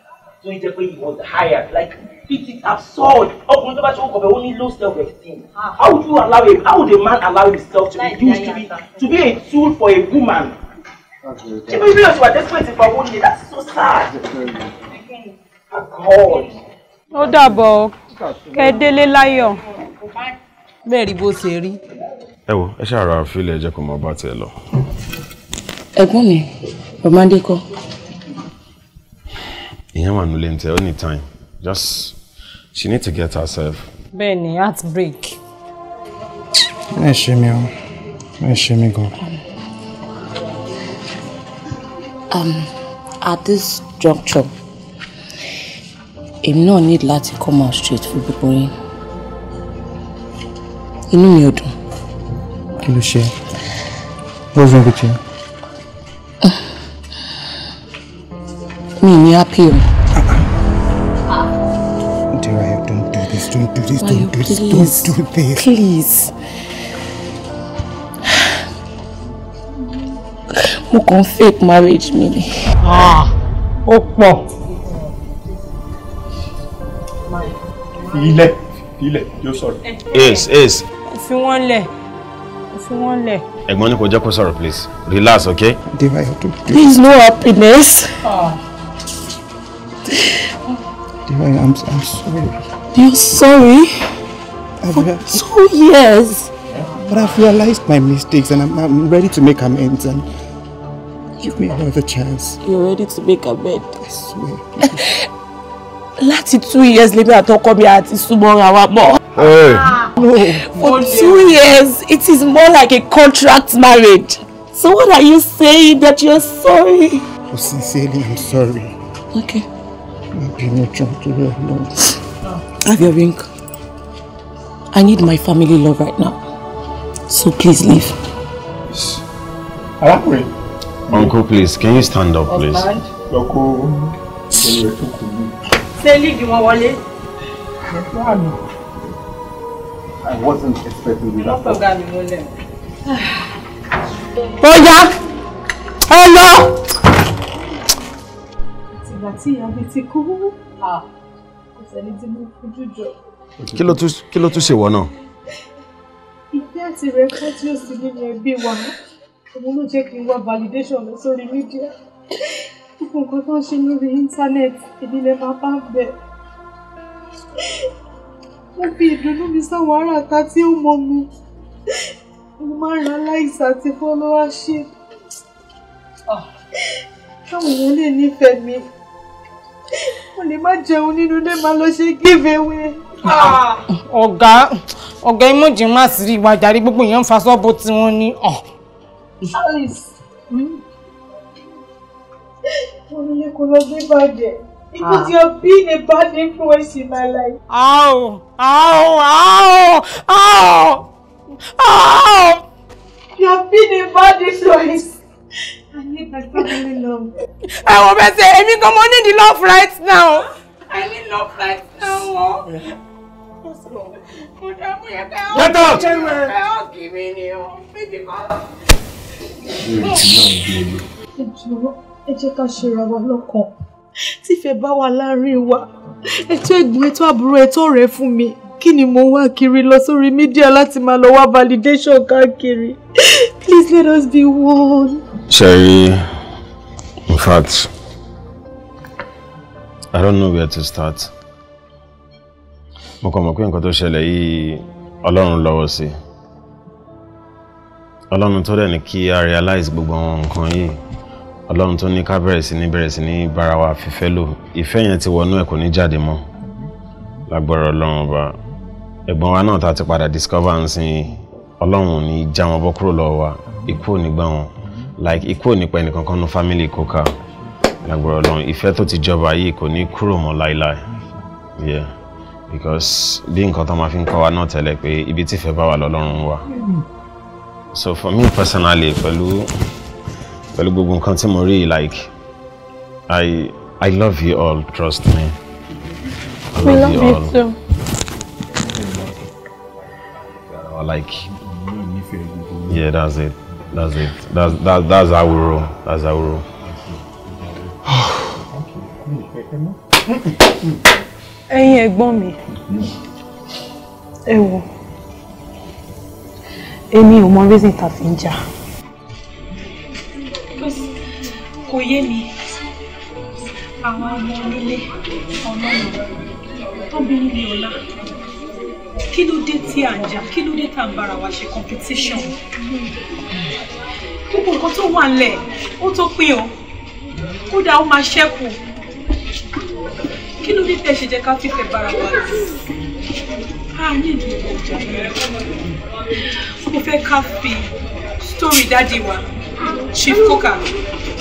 tó ń jẹ́ pé he was hired like it is absurd ọkùnrin tó bá ṣe ó kọ̀ọ̀bẹ̀ ó ní low self esteem ah. how would you allow a how would a man allow himself to be used to be to be a tool for a woman ṣé bí bílíọ̀nù wà desperate for one day that's so sad oh God. ó dàbọ̀ kẹ́ẹ́délé láyọ̀ mẹ́rin bó ṣe rí. ẹ wo ẹ ṣàrà àfilẹ̀ ẹ jẹ́ kó máa bá tiẹ̀ lọ. ẹ̀gbọ́n mi ọ̀mádé kọ́. ìyẹn wà nílé ní tẹ any time just she need to get herself. bẹ́ẹ̀ni heart break. ẹ ṣe mi o ẹ ṣe mi gan. Um, at this juncture, èmi náà need to come out straight for the yín inú mi ò dùn. kí ló ṣe what's wrong with you. mi ní happy o. dear Ayo don't do this don't do this Ayo, don't do this please, don't do this. please. mo kàn fake marriage mi ni. Ah, ó pọ̀. fi ilẹ̀ fi ilẹ̀ yóò sọ̀rọ̀. ace ace fi wọ́n lẹ̀ fi wọ́n lẹ̀. ẹ̀gbọ́n ní kò jẹ́ kó sọ̀rọ̀ please relax okay. Devayo don't do this. there no happiness. Oh. Ah. Devayo I'm, I'm sorry. you're sorry for two years. But I've realized my mistakes and I'm, I'm ready to make amends and give me another chance. You're ready to make amends? I swear. Láti two years later, àtọkọ mi àti súnmọ́ra wa mọ́. Hey. Ah. No. For oh two years, it is more like a contract marriage. So what are you saying that you're sorry? Oh, sincerely, I'm sorry. Okay. I'm Have your ring. I need my family love right now. So please leave. Uncle, please, can you stand up, please? Uncle. Send you the I wasn't expecting you that. Bóyá ẹ lọ. Àtìgbà tí ìyá mi ti kú, kò sẹ́ni tí mo fojú jọ. Kí ló tún ṣe wọ náà? wa. validation lọ sórí mídíà. Gbogbo nǹkan tó ń ṣe lórí íńtánẹ́ẹ̀tì, èmi lè máa bá mo fi ìdùnnú mi sáwọn aráàta tí ó mọ mi mo máa ń ran láìsàn àti followership ah, káwọn èèyàn lè nífẹ̀ẹ́ mi mo lè má jẹun nínú ilé máa lọ ṣe giveaway. Ah! ọ̀gá ọ̀gá emoji má sì rí ìwà jàre gbogbo èèyàn ń fa sọ́ọ̀bù tí wọ́n ní. Alice onílé kò lọ gbé bàjẹ́. Because ah. you have been a bad influence in my life. Ow! Ow! Ow! Ow! Ow! You have been a bad influence. I need my family love. I want to say, Emi, come on in the love right now. I need love right now. Let's go. Get out! I'll give in you. Baby, mama. Ẹ jọ̀ọ́, ẹ jẹ́ ká ṣe ra wa lọ́kàn tífẹ́ bá wà láàrin wa ẹ̀tọ́ ẹ̀gbọ́n ẹ̀tọ́ àbúrò ẹ̀tọ́ rẹ̀ fún mi kí ni mo wá kiri lọ sórí mídíà láti máa lọ wá validation káàkiri please let us be one. Sherry, in fact I don't know where to start mo kàn mọ̀ pé nǹkan tó ṣẹlẹ̀ yìí Ọlọ́run lọ́wọ́ sí Ọlọ́run tó dẹ̀ ní kí a realize gbogbo àwọn nǹkan yìí ọlọ́run tó ní ká bẹ̀rẹ̀ sí ní bẹ̀rẹ̀ sí ní bára wa fífẹ́ lò ìfẹ́ yẹn ti wọnú ẹ̀ kò ní jáde mọ́ lágbára ọlọ́run ọba ẹ̀gbọ́n wa náà ta ti padà discover ń sin ọlọ́run ní já wọn bọ́ kúrò lọ́wọ́ wa ikú ò ní gbà wọn like ikú ò ní pa ẹnìkankan nu family kóka lágbára ọlọ́run ìfẹ́ tó ti jọba yìí kò ní kúrò mọ́ láéláé yeah because bí nǹkan tó máa fi ń kọ́ wa náà tẹ́lẹ̀ pé ibi tífẹ́ bá wà lọ́lọ́run wà so for me personally pẹ̀lú. Well, pẹ̀lú gbogbo nǹkan tí mo rí like i i love you all trust me i love, love you all. we love you too. like yeah that's it that's it that's that, that's how we roll that's how we roll. ẹ̀yin ẹ̀gbọ́n mi ẹ wo èmi ò mọ reason tá fi ń jà. kò yé mi àwọn ọmọ onílé ọmọ ọ̀nà tóbìnrin mi ọ̀la kí ló dé tí à ń jà kí ló dé tá à ń bára wa ṣe competition gbogbo nǹkan tó wà lẹ̀ ó tó pín o kódà ó máa ṣẹ́kù kí ló dé tẹ́ ṣe jẹ́ ká fífẹ́ bára wa a ní ìdílé ọjà yẹn mo fẹ́ ká fi story dáàdi wa chief coca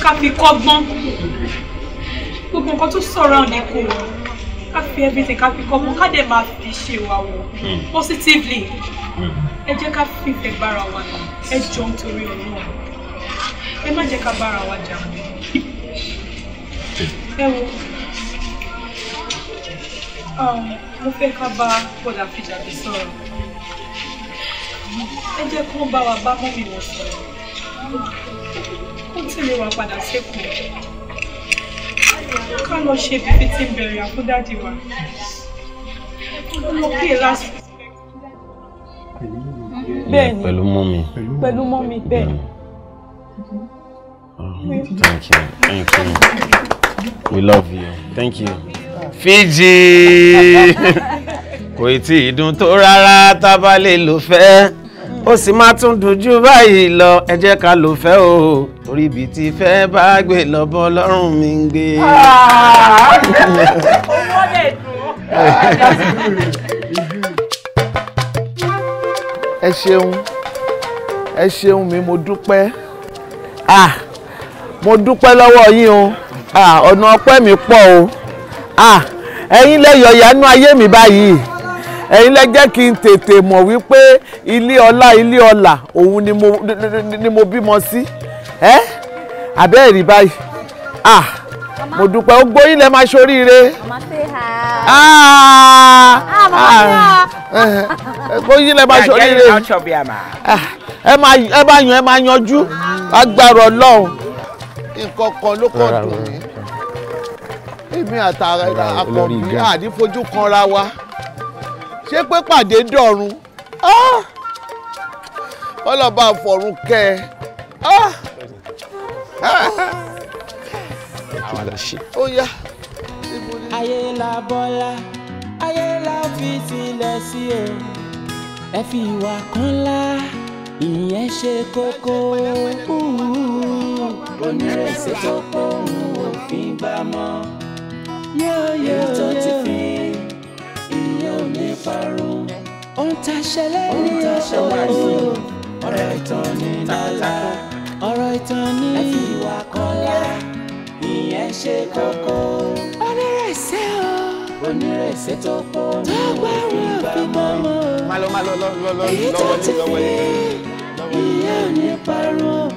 ká fi kọ́gbọ́n gbogbo nǹkan tó sọ̀rọ̀ àwọn ẹ̀kọ́ wọn ká fi everything ká fi kọ́gbọ́n ká dẹ̀ máa fi ṣe wa wọ̀ hmm. positively hmm. ẹ jẹ́ ká fìfẹ́ bára wa ẹ jọ nítorí ọlọ́run ẹ má jẹ́ ká bára wa jà ẹ wo um, mo fẹ́ ká bá bọ́dà fìjà bí sọ̀rọ̀ ẹ jẹ́ kó bá wa bá mọ́mì wọn sọ̀rọ̀ kó tí mi wà padà sẹ́kọ̀ọ́ ká lọ ṣe bíbí tí ń bẹ̀rẹ̀ àkúdádì wa mo pè last bẹ́ẹ̀ ni pẹ̀lú mọ́mì pẹ̀lú mọ́mì bẹ́ẹ̀ ni. Mm. Oh, thank you. Thank you. We love you. Thank you. Fiji! Kò ì tí ì dùn tó rárá tá lè lò fẹ́ ó sì máa tún dojú báyìí lọ ẹ jẹ́ ká lò fẹ́ o torí ibi tí fẹ́ bá gbé lọ́bọ́ lọ́rùn mi ń gbé. owó ah! lè dùn. ẹ ṣeun ẹ ṣeun mi mo dúpẹ́ ah mo dúpẹ́ lọ́wọ́ yín o ah ọ̀nà ọpẹ́ mi pọ̀ o ah ẹ̀yin lẹ́yọ̀ ìyanu ayé mi báyìí ẹ̀yin lẹ jẹ́ kí n tètè mọ̀ wípé ilé ọlá ilé ọlà òun ni mo bímọ sí ẹ́ abẹ́ ẹ̀rí báyìí ah mo dúpẹ́ ó gbóyìn lẹ́ máa ṣoríire. Ah, gbóyìn lẹ́ máa ṣoríire ẹ máa yan ẹ máa yanjú agbára ọlọ́run nǹkan kan ló kàn dùn mí èmi àtàrà akọ mi àdífojú kanra wa ṣé pé pàdé dọ̀run ah! ọlọ́ba àfọ̀run kẹ́ ẹ. Ah! ó yá. ayé la bọ́lá ayé la fi tilẹ̀ sí o ẹ fi ìwà kan lá ìyẹn ṣe kókó onírèsè tó kó òfin gbà mọ́ yóò yóò yóò ò ní parun. ó ń taṣẹ́ lẹ́yìn ọ̀rọ̀ ọ̀rọ̀ ìtàn ní lọ́la ọ̀rọ̀ ìtàn ní ìwà kọ́lá ìyẹn ṣe kókó. onírèsé o. onírèsé tó pọ̀ ní òfin gbàmọ́. má lọ má lọ lọ lọ lọ lọ́wọ́ ní lọ́wọ́ ní. ìyẹn ò ní parun.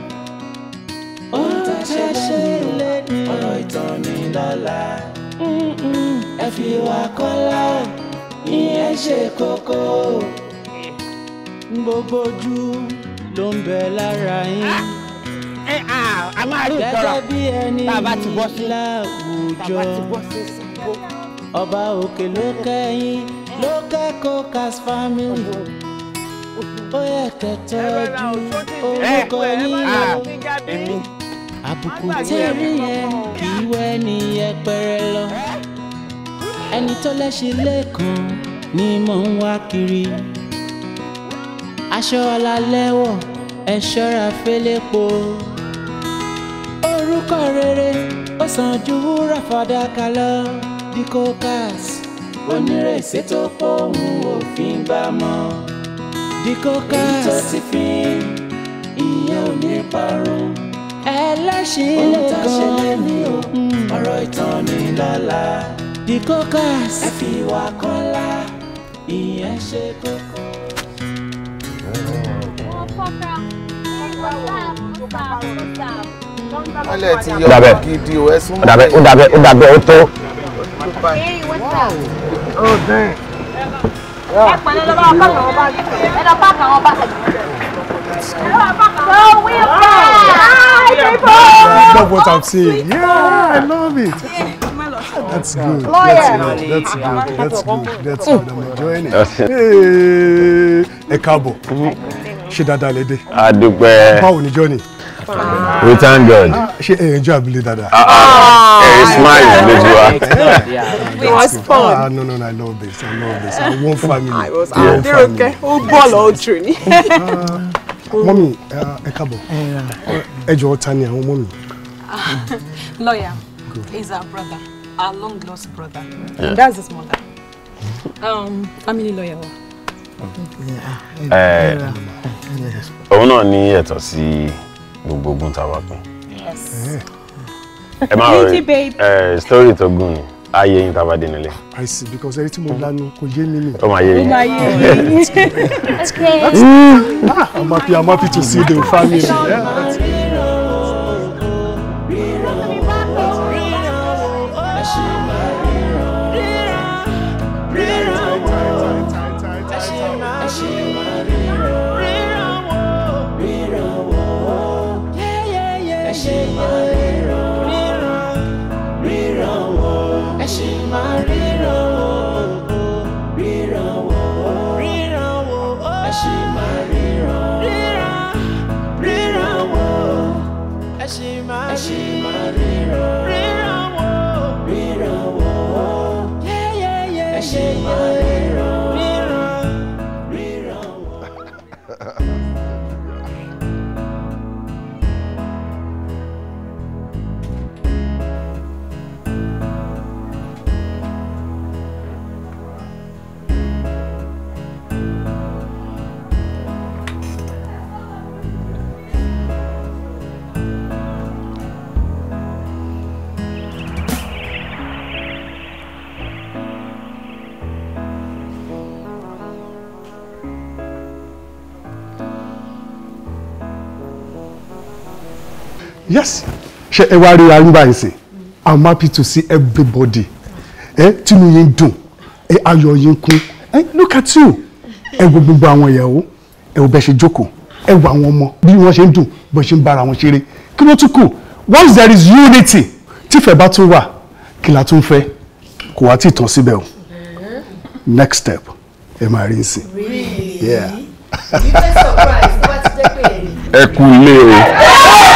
ó ń taṣẹ́ lẹ́yìn ọ̀rọ̀ ìtàn ní lọ́la ẹ fi wá kọ́lá o ìyẹn ṣe kókó gbogbo ojú ló ń bẹ lára yín. Ah! Eh, eh, ah, a máa rí ìtọ́ra tá a bá ti bọ́ sí láwùjọ ọba òkè ló kẹ́yìn ló kẹ́kọ̀ọ́ cas family ó yẹ kẹtọ́jú orúkọ yín lọ ah, àbùkù tẹ̀rí yẹn kì í ní yẹpẹrẹ lọ ẹni tó lẹ́ṣin lẹ́ẹ̀kan ni mò ń wá kiri aṣọ alálẹ́wọ̀ ẹ ṣọ́ra félépo orúkọ rere ó sàn ju wúrà fàdákà lọ bí cocass onírèsè tó pọ̀ òun òfin bá mọ́ bí cocass èyí tó ti fi ìyẹn ò ní parun ẹlẹ́ṣin lẹ́ẹ̀kan ohun tá a ṣe lé hmm. ọ̀rọ̀ ìtàn ni lọ́la the caucus. ẹ fi ìwà kọ́lá ìyẹn ṣe kókó. wálé ti yọ gidi o ẹ súnmọ́. ó dàbẹ̀ ó dàbẹ̀ ó dàbẹ̀ ó tó. ẹ pẹ̀lú lọ́wọ́ páàkì àwọn bá ẹ lọ páàkì àwọn bá ẹ lọ́wọ́ páàkì àwọn bá ẹ. Love what I'm saying. Yeah, I love it. That's good. Lawyer. That's good. That's good. That's oh. good. I'm enjoying it. Ẹ káàbọ̀. Ṣé dáadáa lè How A dúpẹ́. Báwo ni Johnny? We thank God. Ah, ṣé ẹ ẹjọ́ abúlé dáadáa? Ah, ah. Ẹ smile lójú wa. We respond. Ah, no, no, no, I love this. I love this. I want family. I was Aderoke. Ó gbọ́ lọ ojú ni. Mọ́mì, ẹ káàbọ̀. Eh, ẹ jọ̀ọ́ ta ni àwọn mọ́mì? Lawyer. He's our brother our long lost brother. Yeah. And that's his mother. Um, family lawyer. Eh, òun náà ní ẹ̀tọ́ sí gbogbo ogun tá a Yes. pín. Ẹ máa rẹ̀ eh, story to gùn ni, a yẹ yín tá a bá I see because everything tí mo lanu kò yé mi ni. Ó máa yé yín. Ó máa Okay. I'm happy I'm happy to see the family. Yeah, yes ṣe ẹ wá rí ayé báyìí sìn i'm happy to see everybody ẹ tínú yín dùn ẹ ayọ̀ yín kún look at you ẹ wo gbogbo àwọn ìyàwó ẹ wo bẹ ṣe jókòó ẹ wo àwọn ọmọ bí wọ́n ṣe ń dùn bó ṣe ń bára wọn ṣeré kí ló tún kù once there is unity tífẹ̀ bá tún wà kí la tún fẹ́ kò wá tí ì tán síbẹ̀ o next step ẹ máa rí nsìn. ẹ kú ilé o.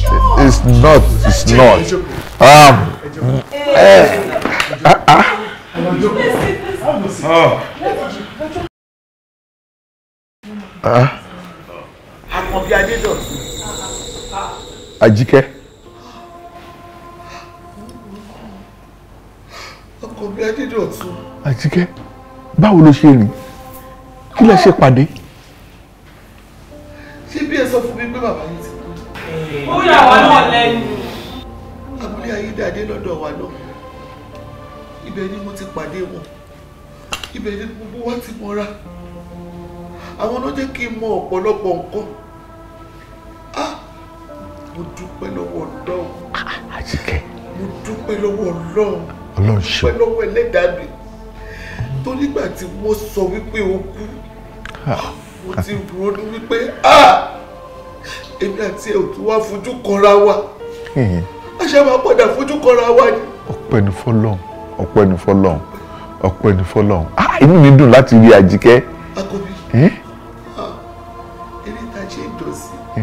it's not it's not um ẹ eh, eh, ah ah. Àkànbí Adédọ̀tun. Àjíkẹ́. Àkànbí Adédọ̀tun. Àjíkẹ́ báwo ló ṣe rí kí lẹ ṣe pàdé. ṣé bí ẹ sọ fún mi pé bàbá yìí ti ó yà wá lọ́dọ̀ wa lọ ibẹ̀ ni mo ti pàdé wọn ibẹ̀ ni gbogbo wa ti mọ́ra àwọn ló jẹ́ kí n mọ ọ̀pọ̀lọpọ̀ nǹkan mo dúpẹ́ lọ́wọ́ ọlọ́run àjíkẹ́ mo dúpẹ́ lọ́wọ́ ọlọ́run ọlọ́run ṣe dúpẹ́ lọ́wọ́ ẹlẹ́dàá tó nígbà tí wọ́n sọ wípé o kú mo ti ronú wípé èmi àti ẹ ò tún wá fojú kanra wa a ṣe máa padà fojú kanra wa ni. ọpẹ́ ni fọ́lọ́run ọpẹ́ ni fọ́lọ́run ọpẹ́ ni fọ́lọ́run ah, inú mi dùn láti rí àjíkẹ́. àkọ́bí ah, eré ta ṣe ń dùn sí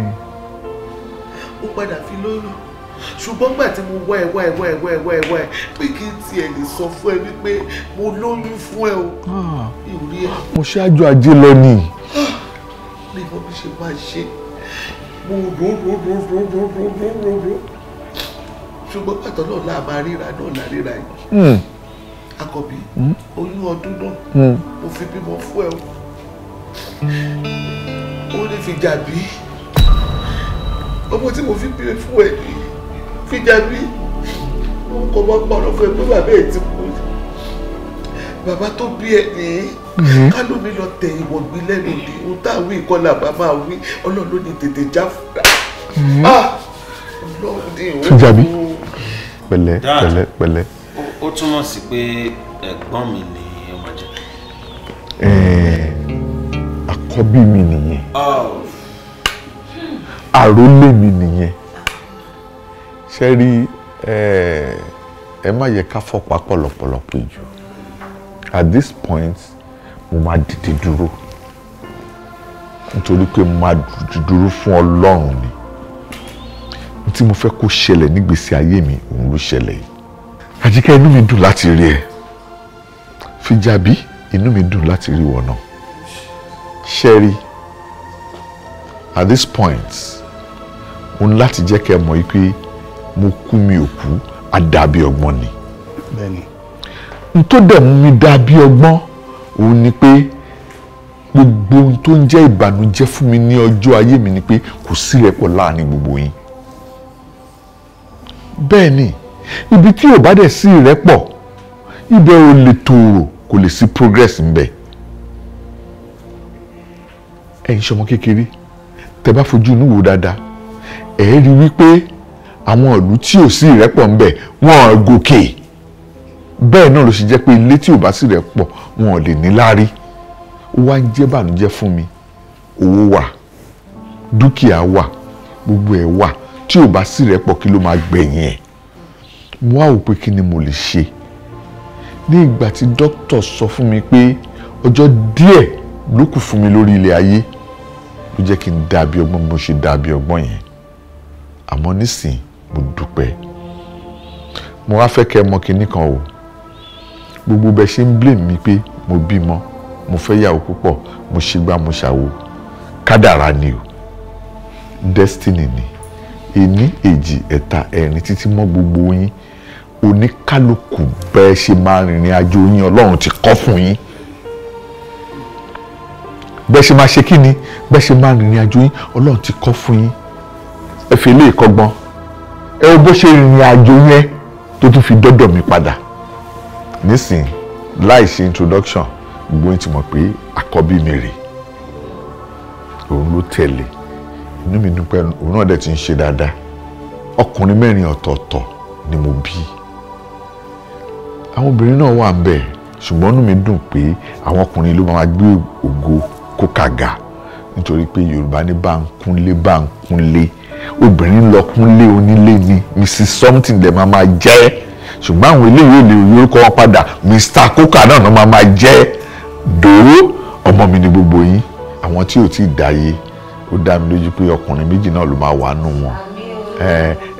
mo padà fi lóyún ṣùgbọ́n gbà tí mo wá ẹ wá ẹ wá ẹ wá ẹ wá ẹ wá ẹ pé kí n tiẹ̀ lè sọ fún ẹ wípé mo lóyún fún ẹ o ìrírí ah. ẹ. mo ṣáájú ajé lọ ni. lè mọ ṣe máa ṣe mo dùn dùn dùn dùn dùn dùn dùn dùn dùn ṣùgbọ́n pàtó náà là máa ríra náà là ríra yìí hmm. akọ̀bí hmm. oyún ọdún náà hmm. mo fi bímọ fún ẹ o ó ní fi jàbí ọmọ tí mo fi bímọ fún ẹ ní fi jàbí ọkọ̀ ọmọ pọ̀ lọ́fọ̀ ẹ pé bàbá ẹ ti kú bàbá tó bí ẹ nìyí. Mm-hmm. kálómi lọ tẹ ìwọ̀n gbin lẹ́nu ni ohun tá a wí ìkọlà bàbá wí ọlọ́run ló ní tètè já fúra mm-hmm. ah, ọlọ́run ní ìwọ̀n. fújàbí pẹ̀lẹ́ pẹ̀lẹ́ pẹ̀lẹ́. ó túmọ̀ sí pé ẹ̀gbọ́n mi ni ọmọ jẹ. àkọ́bí mi nìyẹn oh. àrólé mi nìyẹn ṣe rí ẹ má yẹ ká fọpá pọ̀lọ̀pọ̀lọ̀ pé at this point mo máa dìde dúró nítorí pé mo máa dìde dúró fún ọlọ́run ni tí mo fẹ́ kó ṣẹlẹ̀ nígbésí ayé mi òun ló ṣẹlẹ̀ yìí àjíkẹ́ inú mi dùn láti rí ẹ fìjàbí inú mi dùn láti rí ìwọ náà ṣẹ́rí at this point mo ní láti jẹ́ kẹ́ ẹ mọ̀ yìí pé mo kú mi ò kú àdàbí ọgbọ́n ni. n tó dẹ̀ mú mi dàbí ọgbọ́n òun ni pé gbogbo ohun tó ń jẹ́ ìbànújẹ́ fún mi ní ọjọ́ ayé mi ni pé kò sí rẹ́pọ̀ láàrin gbogbo yín bẹ́ẹ̀ ni ibi tí ò bá dẹ̀ sí ìrẹ́pọ̀ ibẹ̀ ò lè tòrò kò lè sí progress ń bẹ ẹ̀yin ṣọmọ kékeré tẹ bá fojú inú wò dáadáa ẹ̀ rí wípé àwọn ìlú tí ò sí ìrẹ́pọ̀ ń bẹ wọ́n gòkè. Okay bẹ́ẹ̀ náà ló ṣe jẹ́ pé ilé tí ò bá sì rẹ̀ pọ̀ wọn ò lè ní láárí ó wá ń jẹ́ bànújẹ́ fún mi owó wà dúkìá wà gbogbo ẹ̀ wà tí ò bá sì rẹ̀ pọ̀ kí ló máa gbẹ̀yìn ẹ̀ mo wá wò pé kí ni mo lè ṣe ní ìgbà tí dókítà sọ fún mi pé ọjọ́ díẹ̀ ló kù fún mi lórí ilẹ̀ ayé ló jẹ́ kí n dàbí ọgbọ́n bí mo ṣe dàbí ọgbọ́n yẹn àmọ́ nísìnyí mo dúpẹ́ mo wá fẹ́ kẹ́ ẹ mọ kinní kan o gbogbo bẹ́ẹ̀ ṣe ń blame mi pé mo bímọ mo fẹ́ yàwó púpọ̀ mo ṣe gbá mo ṣàwo kádàrá ni o destiny ni ení èjì ẹ̀ta ẹ̀rin títí mọ́ gbogbo yín oníkálukú bẹ́ẹ̀ ṣe máa rìnrìn àjò yín ọlọ́run ti kọ́ fún yín bẹ́ẹ̀ ṣe máa ṣe kí ni bẹ́ẹ̀ ṣe máa rìnrìn àjò yín ọlọ́run ti kọ́ fún yín ẹ fi ilé ìkọ́gbọ́n ẹ wo bó ṣe rìnrìn àjò yẹn tó tún fi dọ́dọ̀ mi padà nísìn láì ṣe introduction gbogbo yín ti mọ̀ pé àkọ́bí mi rè òun ló tẹ̀lé inú mi dúpẹ́ òun náà dẹ̀ ti ń ṣe dáadáa ọkùnrin mẹ́rin ọ̀tọ̀ọ̀tọ̀ ni mo bí àwọn obìnrin náà wà ń bẹ̀ ṣùgbọ́n inú mi dùn pé àwọn ọkùnrin ló máa gbé ògo kó kàga nítorí pé Yorùbá ní bá ń kúnlé bá ń kúnlé obìnrin lọ kúnlé onílé ni Mrs. something lè máa máa jẹ́ ẹ́ ṣùgbọ́n àwọn eléyìí ò lè rí orúkọ wọn padà Mr Coca náà ló máa máa jẹ́ dòó ọmọ mi ni gbogbo yín àwọn tí ò tí ì dáyé ó dá mi lójú pé ọkùnrin méjì náà ló máa wà nù wọn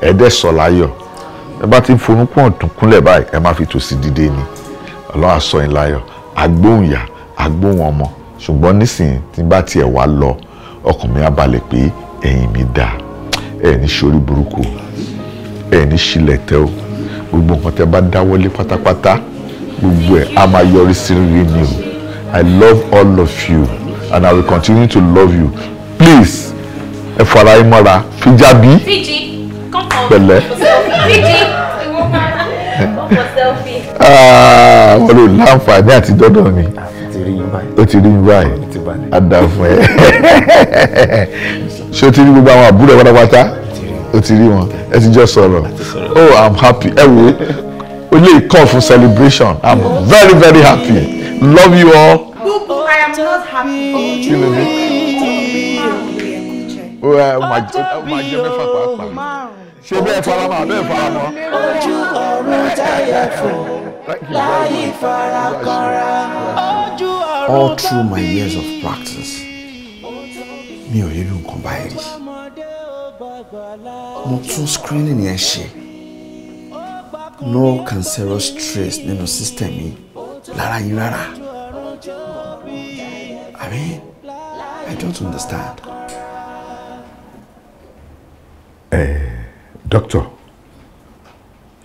ẹ̀ẹ́dẹ́ sọ láyọ̀ ẹ bá ti ń forúkún ọ̀tún kúnlẹ̀ báyìí ẹ má fi tòsí dìde ni ọlọ́run àsọ yín láyọ̀ agbóhùnyà agbóhùn ọmọ ṣùgbọ́n nísìnyí tí bá tiẹ̀ wá lọ ọkàn mi á balẹ̀ pé ẹ̀yìn mi dáa ẹ̀ ní ṣorí burúkú ẹ̀ ní ṣílẹ̀ tẹ́ o gbogbo nǹkan tẹ́ bá dáwọ́lé pátápátá gbogbo ẹ̀ á máa yọrí sí rere o i love all of you and i will continue to love you please ẹ fara ẹ mọ́ra fíjà bí pẹ̀lẹ́. Ah, wọ́n lò láǹfààní àti dọ́dọ̀ mi ó ti rí mi báyìí á dà fún ẹ ṣé o ti rí gbogbo àwọn àbúrò ẹ pátápátá o ti rí wọn ẹ ti jọ sọ̀rọ̀ oh i'm happy ẹ wo o lè call for celebration i'm very very happy love you all. Bubu, I am not happy. kí ló dé. ó máa jẹ mẹ́fà pàápàá ṣe bẹ́ẹ̀ faramọ́ àbẹ́ẹ̀ faramọ́. ojú ọ̀run tẹ̀yẹ fún láyé farakanra. ojú ọ̀run tẹ̀yẹ fún. all through my years of practice mi ò rí irú nǹkan báyìí mo tún screening yẹn ṣe no cancerous trace nínú system yìí lára yín rárá I mean I don't understand. ẹ eh, doctor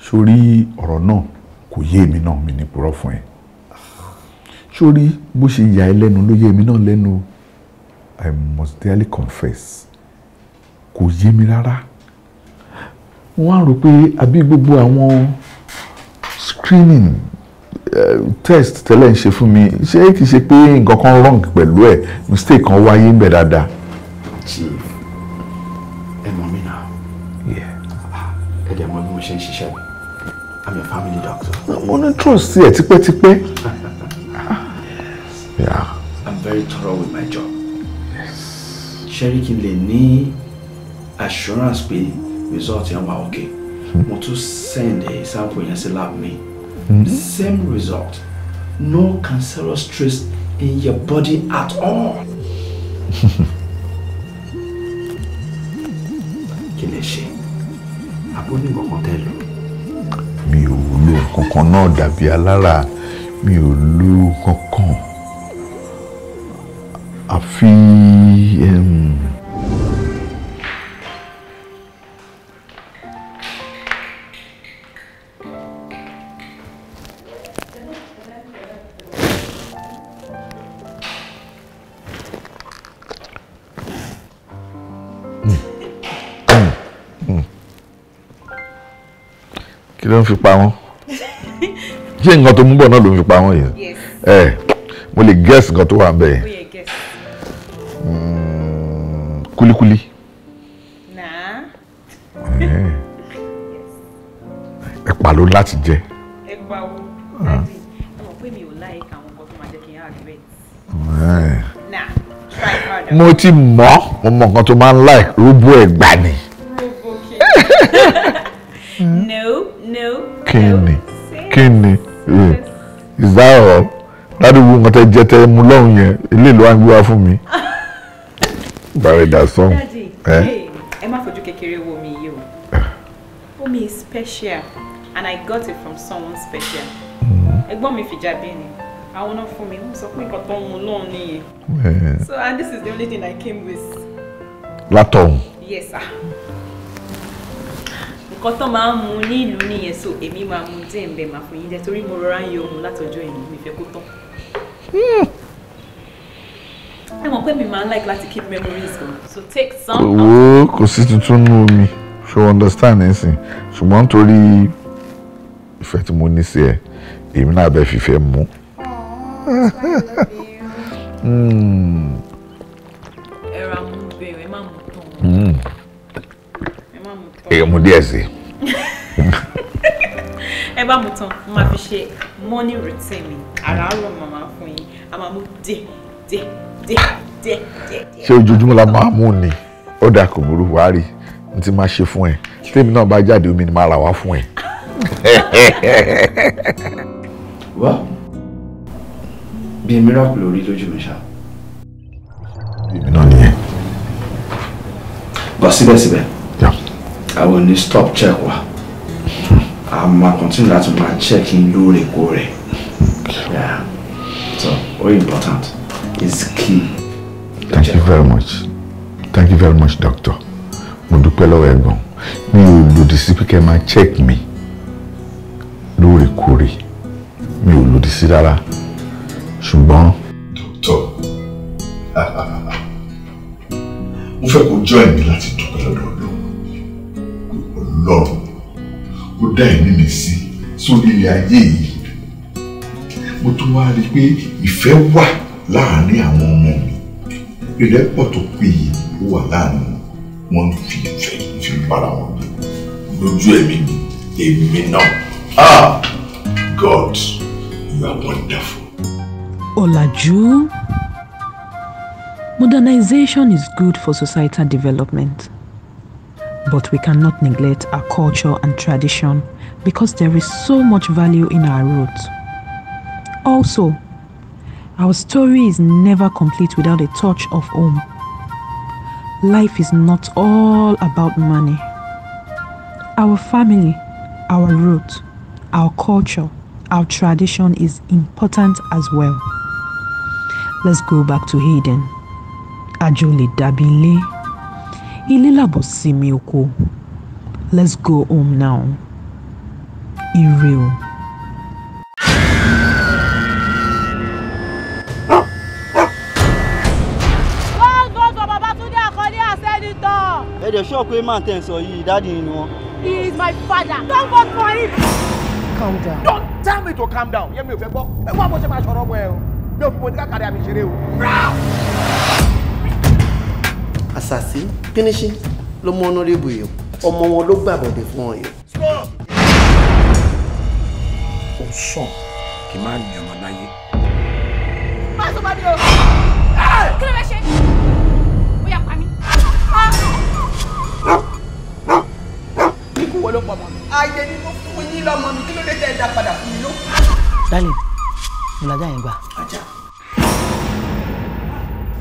sórí ọ̀rọ̀ náà kò yé èmi náà mi ní purọ́ fún ẹ sórí bó ṣe yà ẹ́ lẹ́nu ló yé èmi náà lẹ́nu I must dearly confess kò yé mi rárá wọ́n á rò pé àbí gbogbo àwọn screening eh, test tẹ́lẹ̀ ń ṣe fún mi ṣé kìí ṣe pé nǹkan kan wrong pẹ̀lú ẹ̀ mistake kan wáyé ń bẹ̀ dáadáa. chief ẹ mọ̀ mí náà ẹ dẹ̀ mọ̀ bí mo ṣe ń ṣiṣẹ́ mi i'm your family doctor. mo ní trust ẹ tipẹ́tipẹ́. yeah. i'm very thorough with my job. ṣé kí n lè ní assurance pé result yẹn wà ok mo tún send a sample yẹn sí lab mi hmm? same result no cancerous trace in your body at all. kí lè ṣe abóní kankan tẹ lò. mi ò lo kankan náà dàbí alára mi ò lo kankan àfi. Um, ló ń fi pa wọ́n ṣé nǹkan tó mú bọ̀ náà ló ń fi pa wọ́n yìí ẹ mo lè guess nǹkan tó wà ń bẹ̀ yẹn hmm, kulikuli. ẹ̀pà ló láti jẹ. ẹ̀pà wo ẹ̀bí ọmọ pé mi ò láìka àwọn nǹkan tó máa jẹ́ kí n àgbẹ̀. mo ti mọ̀ mo mọ̀ nǹkan tó máa ń láì rúbó ẹ̀gbà ni. rúbó kí ni kíni kíni is that all ládùúgbò nǹkan tẹ jẹ tẹ mu lọ́hùn yẹn ilé ìlú wa ń gbé wá fún mi bàrẹ̀ dà sọ́hùn. ẹ má fojú kékeré wo mi yìí o ah. omi is special and I got it from someone special mm-hmm. ẹ̀gbọ́n mi fìjà bí ni àwọn náà fún mi wọ́n sọ pé nǹkan tó ń mu lọ́hùn nìyẹn eh. so and this is the only thing I came with. látọ̀hún. yes sir nǹkan tó máa ń mu ní ìlú nìyẹn so èmi máa mu díẹ̀ ń bẹ̀ máa fún yín jẹ torí mo rọra ń yọ ohun látọjọ́ ìlú mi fẹ́ kó tán. Hmm. ẹ mọ̀ pé mi máa ń like láti keep memories gan so take some. owó kò sí tuntun nù mí ṣe understand ẹ sìn ṣùgbọ́n nítorí ìfẹ́ tí mo ní sí ẹ èmi náà bẹ́ẹ̀ fìfẹ́ hmm. mú. ẹ̀rọ amúgbẹ̀rẹ̀ má mú tán. Hmm èèyàn mú díẹ̀ sí. ẹ bá mu tán mo máa fi ṣe morning routine mi àràárọ̀ màmá fún yín a máa mú díẹ̀ díẹ̀ díẹ̀ díẹ̀ díẹ̀. ṣé ojoojúmọ́ la máa mú ni ó dà kò burú wàá rí n ti máa ṣe fún ẹ tèmi náà bá jáde omi ni máa rà wá fún ẹ. wá bíi miracle orí lójú mi ṣá. èmi náà nìyẹn. bọ̀ síbẹ̀síbẹ̀. I will ní stop check wa I ma continue láti ma check in lóòrèkóòrè yeah so very important it's key. thank you very much thank you very much doctor mo dúpẹ́ lọ́wọ́ ẹ̀gbọ́n mi ò lòdì sí pé kẹ́ máa check mi lóòrèkóòrè mi ò lòdì sí rárá ṣùgbọ́n. doctor mo fẹ́ kó join mi láti dúpẹ́ lọ́dọ̀ Ọlọ́run ó dá ẹ̀mí mi sí sórí ilé ayé yìí mo tún wá rí i pé ìfẹ́ wà láàárín àwọn ọmọ mi ìrẹ́pọ̀ tó péye ó wà láàárín wọn fi ìfẹ́ fi para wọn bí lójú ẹ̀mí mi èmi náà ah God you are wonderful. Ọ̀làjú. Modernization is good for societal development. But we cannot neglect our culture and tradition because there is so much value in our roots. Also, our story is never complete without a touch of home. Life is not all about money. Our family, our roots, our culture, our tradition is important as well. Let's go back to Hayden. Ajole Dabile. ilé làbòsí oko let's go home now ire o. ẹ dẹ̀ sọ pé máa tẹ̀ ń sọ yìí dáàdi ni wọn. he is my father don't go for him. calm down. don't tell me to calm down yẹ́n mi ò fẹ́ gbọ́ ẹ wá bó ṣe máa ṣọ̀rọ̀ ọmọ ẹ o mi ò fi mo ní ká kárí àmì ìṣeré o àṣàṣì pínísí ló mú ọ̀nàrẹ́bù yìí ọmọ wọn ló gbàbọ̀dẹ̀ fún ọ yìí. ó sàn kí n máa ní ọmọ láyé. má a sọ bá mi o kí ló fẹ́ ṣe bóyá pa mí. ikú wo pọ̀ mọ́ mi. ayé ni mo fún yín lọ́mọ mi kí ló dé tẹ́ ẹ padà fún mi ló. dálẹ̀ bùlájà yẹn gbà. ajá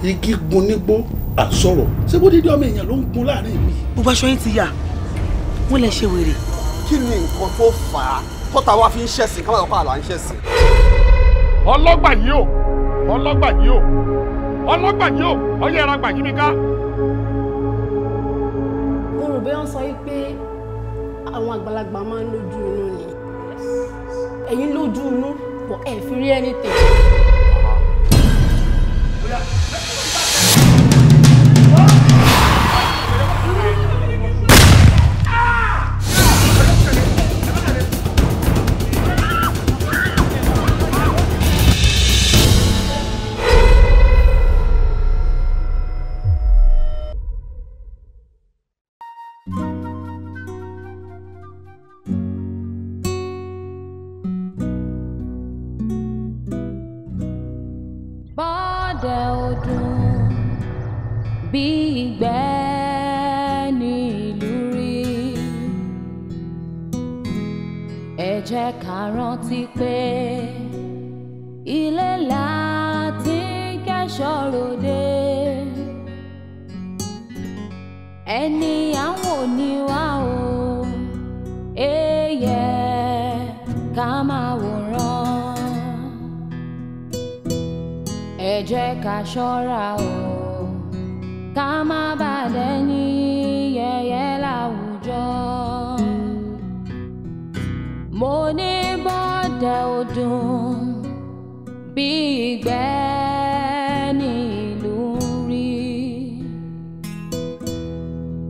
igi gun nígbó àsọ̀rọ̀ ṣé bó dídí ọmọ èèyàn ló ń gun láàrin mi. gbogbo aṣọ yín ti yà wọ́n lè ṣe wèrè. kí ni nǹkan tó fà á tọ́ta wa fi ń ṣẹ̀sìn káwọn ọkọ àlọ́ à ń ṣẹ̀sìn. ọlọ́gbà yìí o ọlọ́gbà yìí o ọlọ́gbà yìí o ọyẹ ara gbà yí mi ká. olùbẹ́ wọn sọ pé àwọn àgbàlagbà máa ń lójú inú ni ẹ̀yin lójú inú pọ̀ ẹ̀ fi rí ẹni tẹ̀. jẹ́ ká rántí pé ilé láti kẹ́ṣọ́ ròde ẹni àwọn òní o èèyẹ ká máa wòran ẹ jẹ́ ká ṣọ́ra o ká má bàa dẹ́ni. mo ní bọ́dà ọdún bí ìgbẹ́ nílùú rí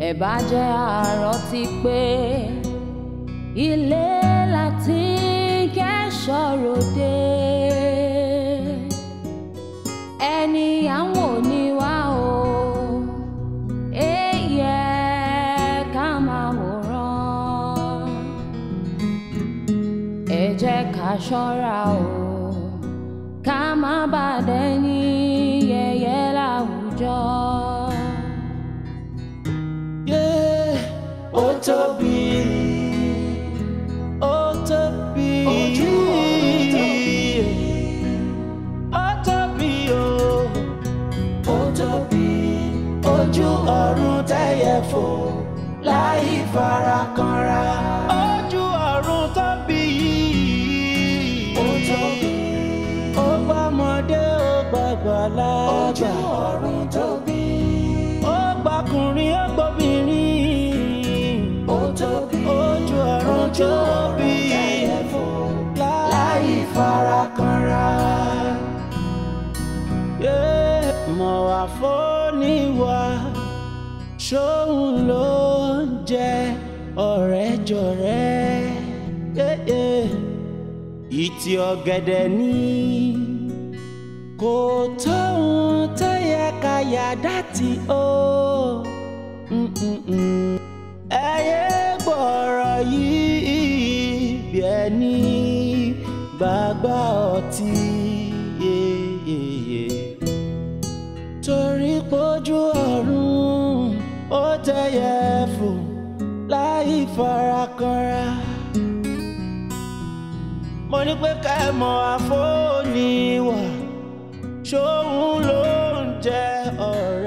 ẹ̀ bá jẹ́ àárọ̀ ti pé ilé láti kẹ́sọ̀rọ̀ dé. ṣọ́ra o ká má bàdẹ́ ní yẹ̀yẹ́ láwùjọ. ó tóbi ó tóbi ojú ó tóbi ó tóbi o ó tóbi ojú ọ̀run tẹ́yẹ̀ fò láì fara kanra. jórí ẹ̀fọ́ láì farakanra. mọ̀ wá fóníwá ṣóun ló ń jẹ ọ̀rẹ́ jọ̀rẹ́. ìtì ọ̀gẹ̀dẹ̀ ni kò tó ohun tó yẹ ká yà dá ti ó. mm, mm, mm. gbọ́rọ̀ yìí ní gbàgbà ọtí torí pójú ọ̀run ó tẹ̀yẹ fún láì farakanra mo ní pé ká ẹ mọ àfọ́níwà ṣóun ló ń jẹ ọ̀rọ̀.